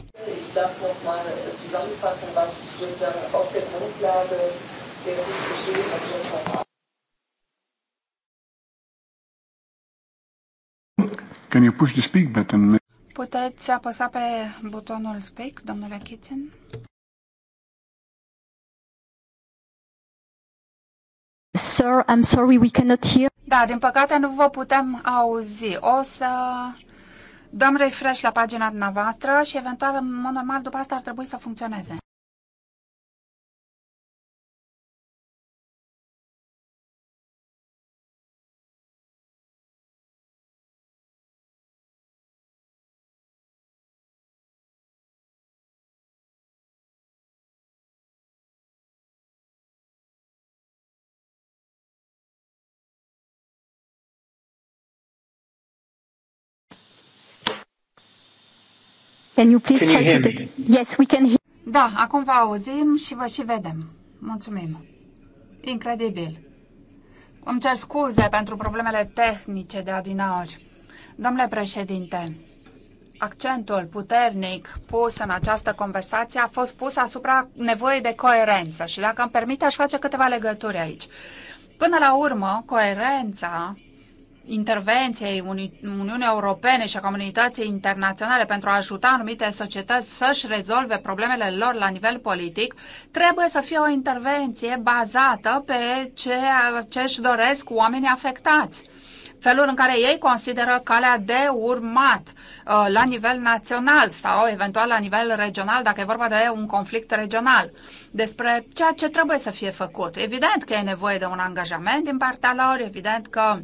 Can you push the speak button? Puteți apăsa pe butonul speak, domnule Keating? Sir, I'm sorry, we cannot hear. Da, din păcate nu vă putem auzi. O să dăm refresh la pagina dumneavoastră și eventual, în mod normal, după asta ar trebui să funcționeze. Can you please can you hear me? Yes, we can hear. Da, acum vă auzim și vă și vedem. Mulțumim. Incredibil. Îmi cer scuze pentru problemele tehnice de adinauri. Domnule președinte, accentul puternic pus în această conversație a fost pus asupra nevoii de coerență și dacă îmi permite aș face câteva legături aici. Până la urmă, coerența intervenției Uni Uniunii Europene și a comunității internaționale pentru a ajuta anumite societăți să-și rezolve problemele lor la nivel politic, trebuie să fie o intervenție bazată pe ceea ce își doresc oamenii afectați felul în care ei consideră calea de urmat uh, la nivel național sau eventual la nivel regional, dacă e vorba de un conflict regional, despre ceea ce trebuie să fie făcut. Evident că e nevoie de un angajament din partea lor, evident că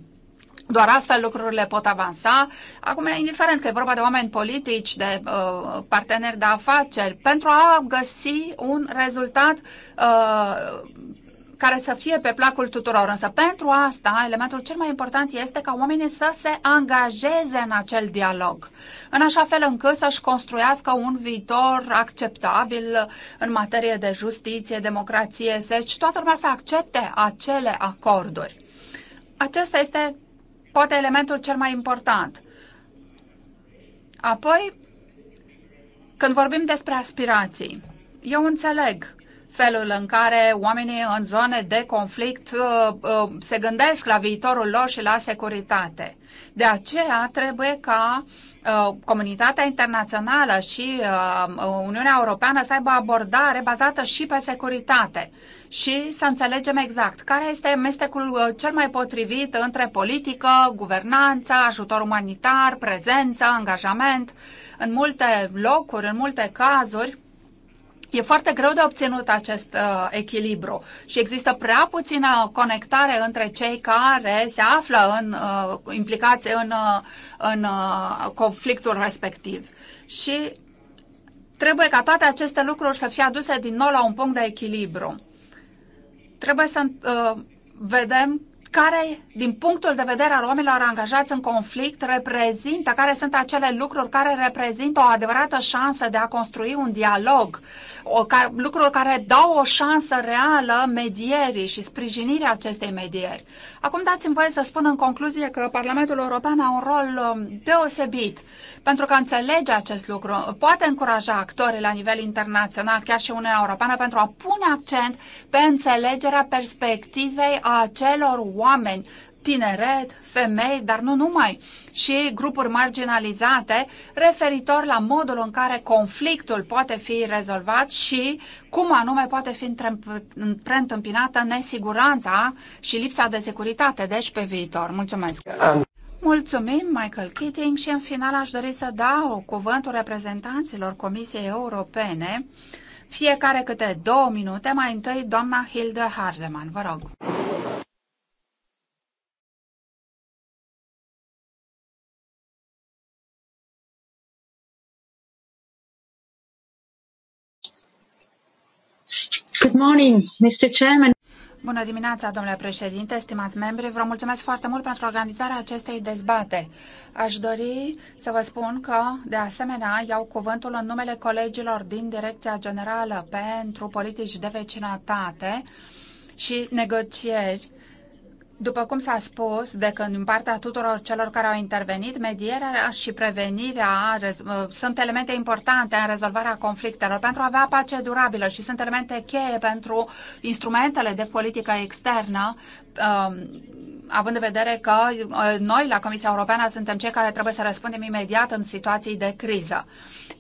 doar astfel lucrurile pot avansa. Acum, indiferent că e vorba de oameni politici, de uh, parteneri de afaceri, pentru a găsi un rezultat uh, care să fie pe placul tuturor. Însă pentru asta, elementul cel mai important este ca oamenii să se angajeze în acel dialog, în așa fel încât să-și construiască un viitor acceptabil în materie de justiție, democrație, deci toată lumea să accepte acele acorduri. Acesta este poate elementul cel mai important. Apoi, când vorbim despre aspirații, eu înțeleg felul în care oamenii în zone de conflict uh, uh, se gândesc la viitorul lor și la securitate. De aceea trebuie ca uh, comunitatea internațională și uh, Uniunea Europeană să aibă abordare bazată și pe securitate și să înțelegem exact care este mestecul uh, cel mai potrivit între politică, guvernanță, ajutor umanitar, prezență, angajament. În multe locuri, în multe cazuri, E foarte greu de obținut acest uh, echilibru și există prea puțină conectare între cei care se află în, uh, implicați în, uh, în uh, conflictul respectiv. Și trebuie ca toate aceste lucruri să fie aduse din nou la un punct de echilibru. Trebuie să uh, vedem care, din punctul de vedere al oamenilor angajați în conflict, reprezintă, care sunt acele lucruri care reprezintă o adevărată șansă de a construi un dialog, o, car, lucruri care dau o șansă reală medierii și sprijinirea acestei medieri. Acum dați-mi voie să spun în concluzie că Parlamentul European a un rol um, deosebit pentru că înțelege acest lucru, poate încuraja actorii la nivel internațional, chiar și Uniunea Europeană, pentru a pune accent pe înțelegerea perspectivei a acelor oameni, tineret, femei, dar nu numai, și grupuri marginalizate referitor la modul în care conflictul poate fi rezolvat și cum anume poate fi preîntâmpinată nesiguranța și lipsa de securitate, deci pe viitor. Mulțumesc! Mulțumim, Michael Keating, și în final aș dori să dau cuvântul reprezentanților Comisiei Europene, fiecare câte două minute, mai întâi doamna Hilde Harleman. Vă rog! Good morning, Mr. Chairman. Bună dimineața, domnule președinte, stimați membri. Vă mulțumesc foarte mult pentru organizarea acestei dezbateri. Aș dori să vă spun că, de asemenea, iau cuvântul în numele colegilor din Direcția Generală pentru Politici de Vecinătate și Negocieri după cum s-a spus, de când în partea tuturor celor care au intervenit, medierea și prevenirea uh, sunt elemente importante în rezolvarea conflictelor pentru a avea pace durabilă și sunt elemente cheie pentru instrumentele de politică externă um, având în vedere că uh, noi la Comisia Europeană suntem cei care trebuie să răspundem imediat în situații de criză.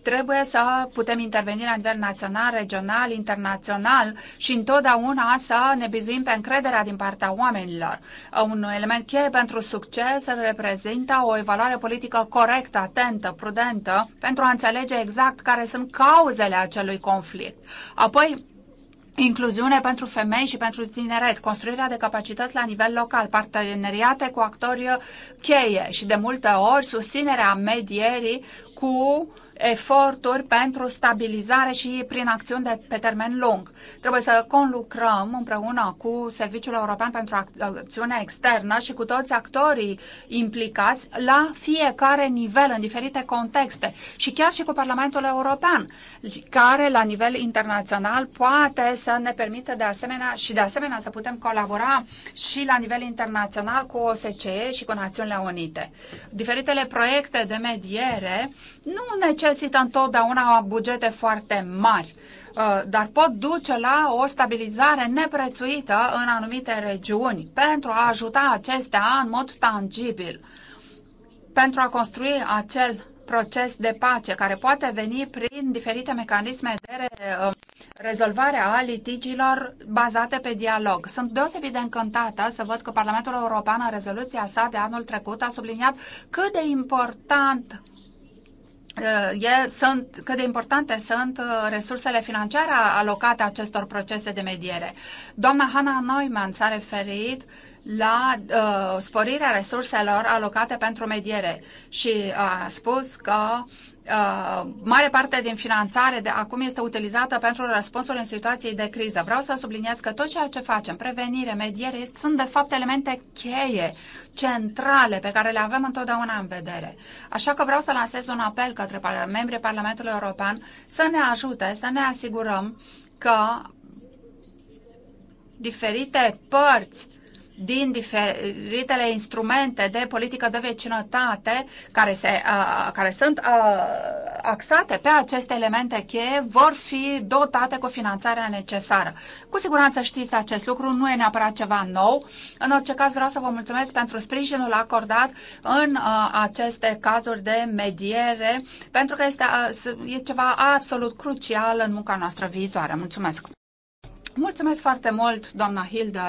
Trebuie să putem interveni la nivel național, regional, internațional și întotdeauna să ne bizuim pe încrederea din partea oamenilor. Uh, un element cheie pentru succes reprezintă o evaluare politică corectă, atentă, prudentă, pentru a înțelege exact care sunt cauzele acelui conflict. Apoi, Incluziune pentru femei și pentru tineret, construirea de capacități la nivel local, parteneriate cu actori cheie și de multe ori susținerea medierii cu eforturi pentru stabilizare și prin acțiuni de, pe termen lung. Trebuie să conlucrăm împreună cu Serviciul European pentru Acțiunea Externă și cu toți actorii implicați la fiecare nivel, în diferite contexte și chiar și cu Parlamentul European, care la nivel internațional poate să ne permită de asemenea și de asemenea să putem colabora și la nivel internațional cu OSCE și cu Națiunile Unite. Diferitele proiecte de mediere nu necesită întotdeauna bugete foarte mari, uh, dar pot duce la o stabilizare neprețuită în anumite regiuni pentru a ajuta acestea în mod tangibil, pentru a construi acel proces de pace care poate veni prin diferite mecanisme de re uh, rezolvare a litigiilor bazate pe dialog. Sunt deosebit de încântată să văd că Parlamentul European în rezoluția sa de anul trecut a subliniat cât de important e, sunt, cât de importante sunt uh, resursele financiare alocate acestor procese de mediere. Doamna Hanna Neumann s-a referit la uh, sporirea resurselor alocate pentru mediere și a spus că Uh, mare parte din finanțare de acum este utilizată pentru răspunsul în situații de criză. Vreau să subliniez că tot ceea ce facem, prevenire, mediere, sunt de fapt elemente cheie, centrale, pe care le avem întotdeauna în vedere. Așa că vreau să lansez un apel către membrii Parlamentului European să ne ajute, să ne asigurăm că diferite părți din diferitele instrumente de politică de vecinătate care, se, uh, care sunt uh, axate pe aceste elemente cheie vor fi dotate cu finanțarea necesară. Cu siguranță știți acest lucru, nu e neapărat ceva nou. În orice caz vreau să vă mulțumesc pentru sprijinul acordat în uh, aceste cazuri de mediere, pentru că este uh, e ceva absolut crucial în munca noastră viitoare. Mulțumesc! Mulțumesc foarte mult, doamna Hilda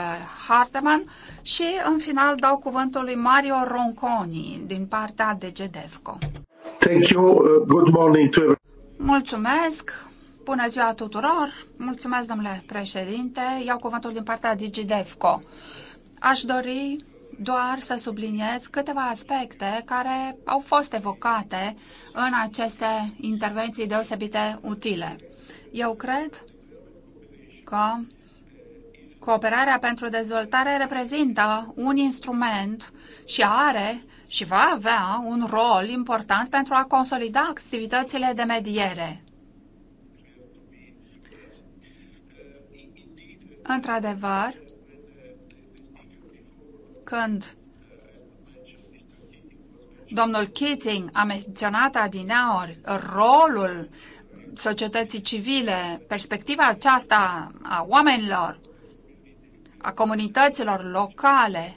Harteman, și în final dau cuvântul lui Mario Ronconi din partea de GDEFCO. Thank you. Uh, good morning to everyone. Mulțumesc. Bună ziua tuturor. Mulțumesc, domnule președinte. Iau cuvântul din partea DigiDefco. Aș dori doar să subliniez câteva aspecte care au fost evocate în aceste intervenții deosebite utile. Eu cred că cooperarea pentru dezvoltare reprezintă un instrument și are și va avea un rol important pentru a consolida activitățile de mediere. Într-adevăr, când domnul Keating a menționat adineori rolul societății civile, perspectiva aceasta a oamenilor, a comunităților locale,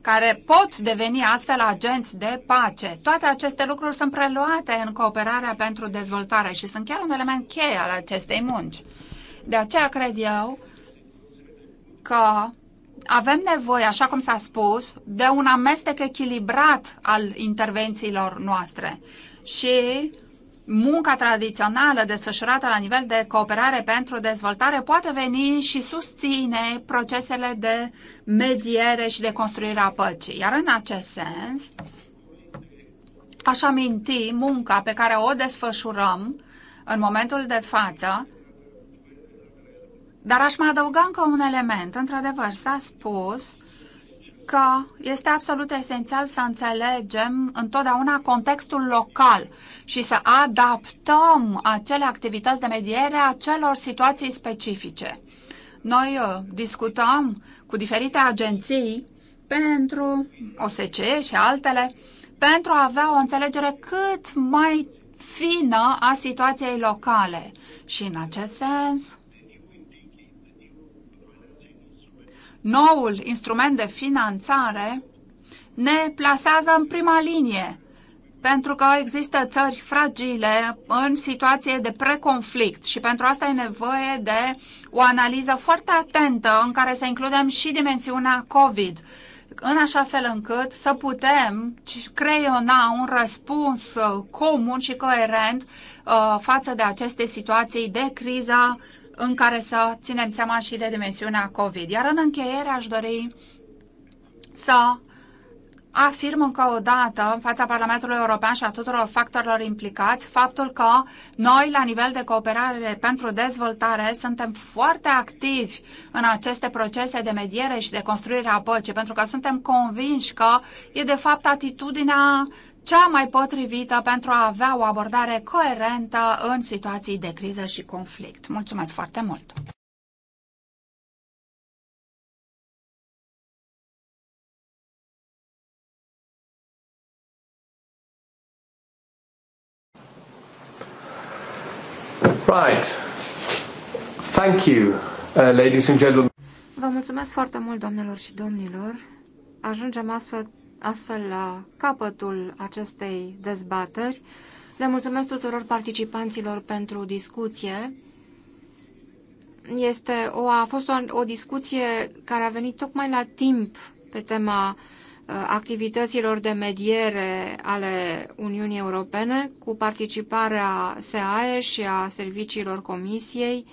care pot deveni astfel agenți de pace. Toate aceste lucruri sunt preluate în cooperarea pentru dezvoltare și sunt chiar un element cheie al acestei munci. De aceea cred eu că avem nevoie, așa cum s-a spus, de un amestec echilibrat al intervențiilor noastre. Și munca tradițională desfășurată la nivel de cooperare pentru dezvoltare poate veni și susține procesele de mediere și de construire a păcii. Iar în acest sens, aș aminti munca pe care o desfășurăm în momentul de față, dar aș mai adăuga încă un element. Într-adevăr, s-a spus că este absolut esențial să înțelegem întotdeauna contextul local și să adaptăm acele activități de mediere acelor situații specifice. Noi uh, discutăm cu diferite agenții pentru OSCE și altele pentru a avea o înțelegere cât mai fină a situației locale. Și în acest sens, noul instrument de finanțare ne plasează în prima linie, pentru că există țări fragile în situație de preconflict și pentru asta e nevoie de o analiză foarte atentă în care să includem și dimensiunea COVID, în așa fel încât să putem creiona un răspuns uh, comun și coerent uh, față de aceste situații de criză în care să ținem seama și de dimensiunea COVID. Iar în încheiere aș dori să afirm încă o dată în fața Parlamentului European și a tuturor factorilor implicați faptul că noi, la nivel de cooperare pentru dezvoltare, suntem foarte activi în aceste procese de mediere și de construire a păcii, pentru că suntem convinși că e de fapt atitudinea cea mai potrivită pentru a avea o abordare coerentă în situații de criză și conflict. Mulțumesc foarte mult! Right. Thank you, uh, ladies and gentlemen. Vă mulțumesc foarte mult, doamnelor și domnilor ajungem astfel, astfel la capătul acestei dezbateri. Le mulțumesc tuturor participanților pentru discuție. Este o, a fost o, o discuție care a venit tocmai la timp pe tema uh, activităților de mediere ale Uniunii Europene cu participarea SAE și a serviciilor Comisiei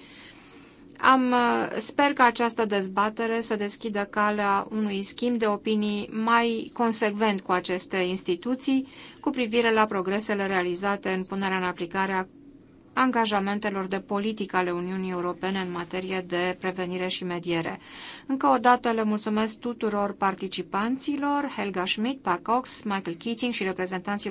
am, uh, sper că această dezbatere să deschidă calea unui schimb de opinii mai consecvent cu aceste instituții cu privire la progresele realizate în punerea în aplicare a angajamentelor de politică ale Uniunii Europene în materie de prevenire și mediere. Încă o dată le mulțumesc tuturor participanților, Helga Schmidt, Pacox, Michael Keating și reprezentanții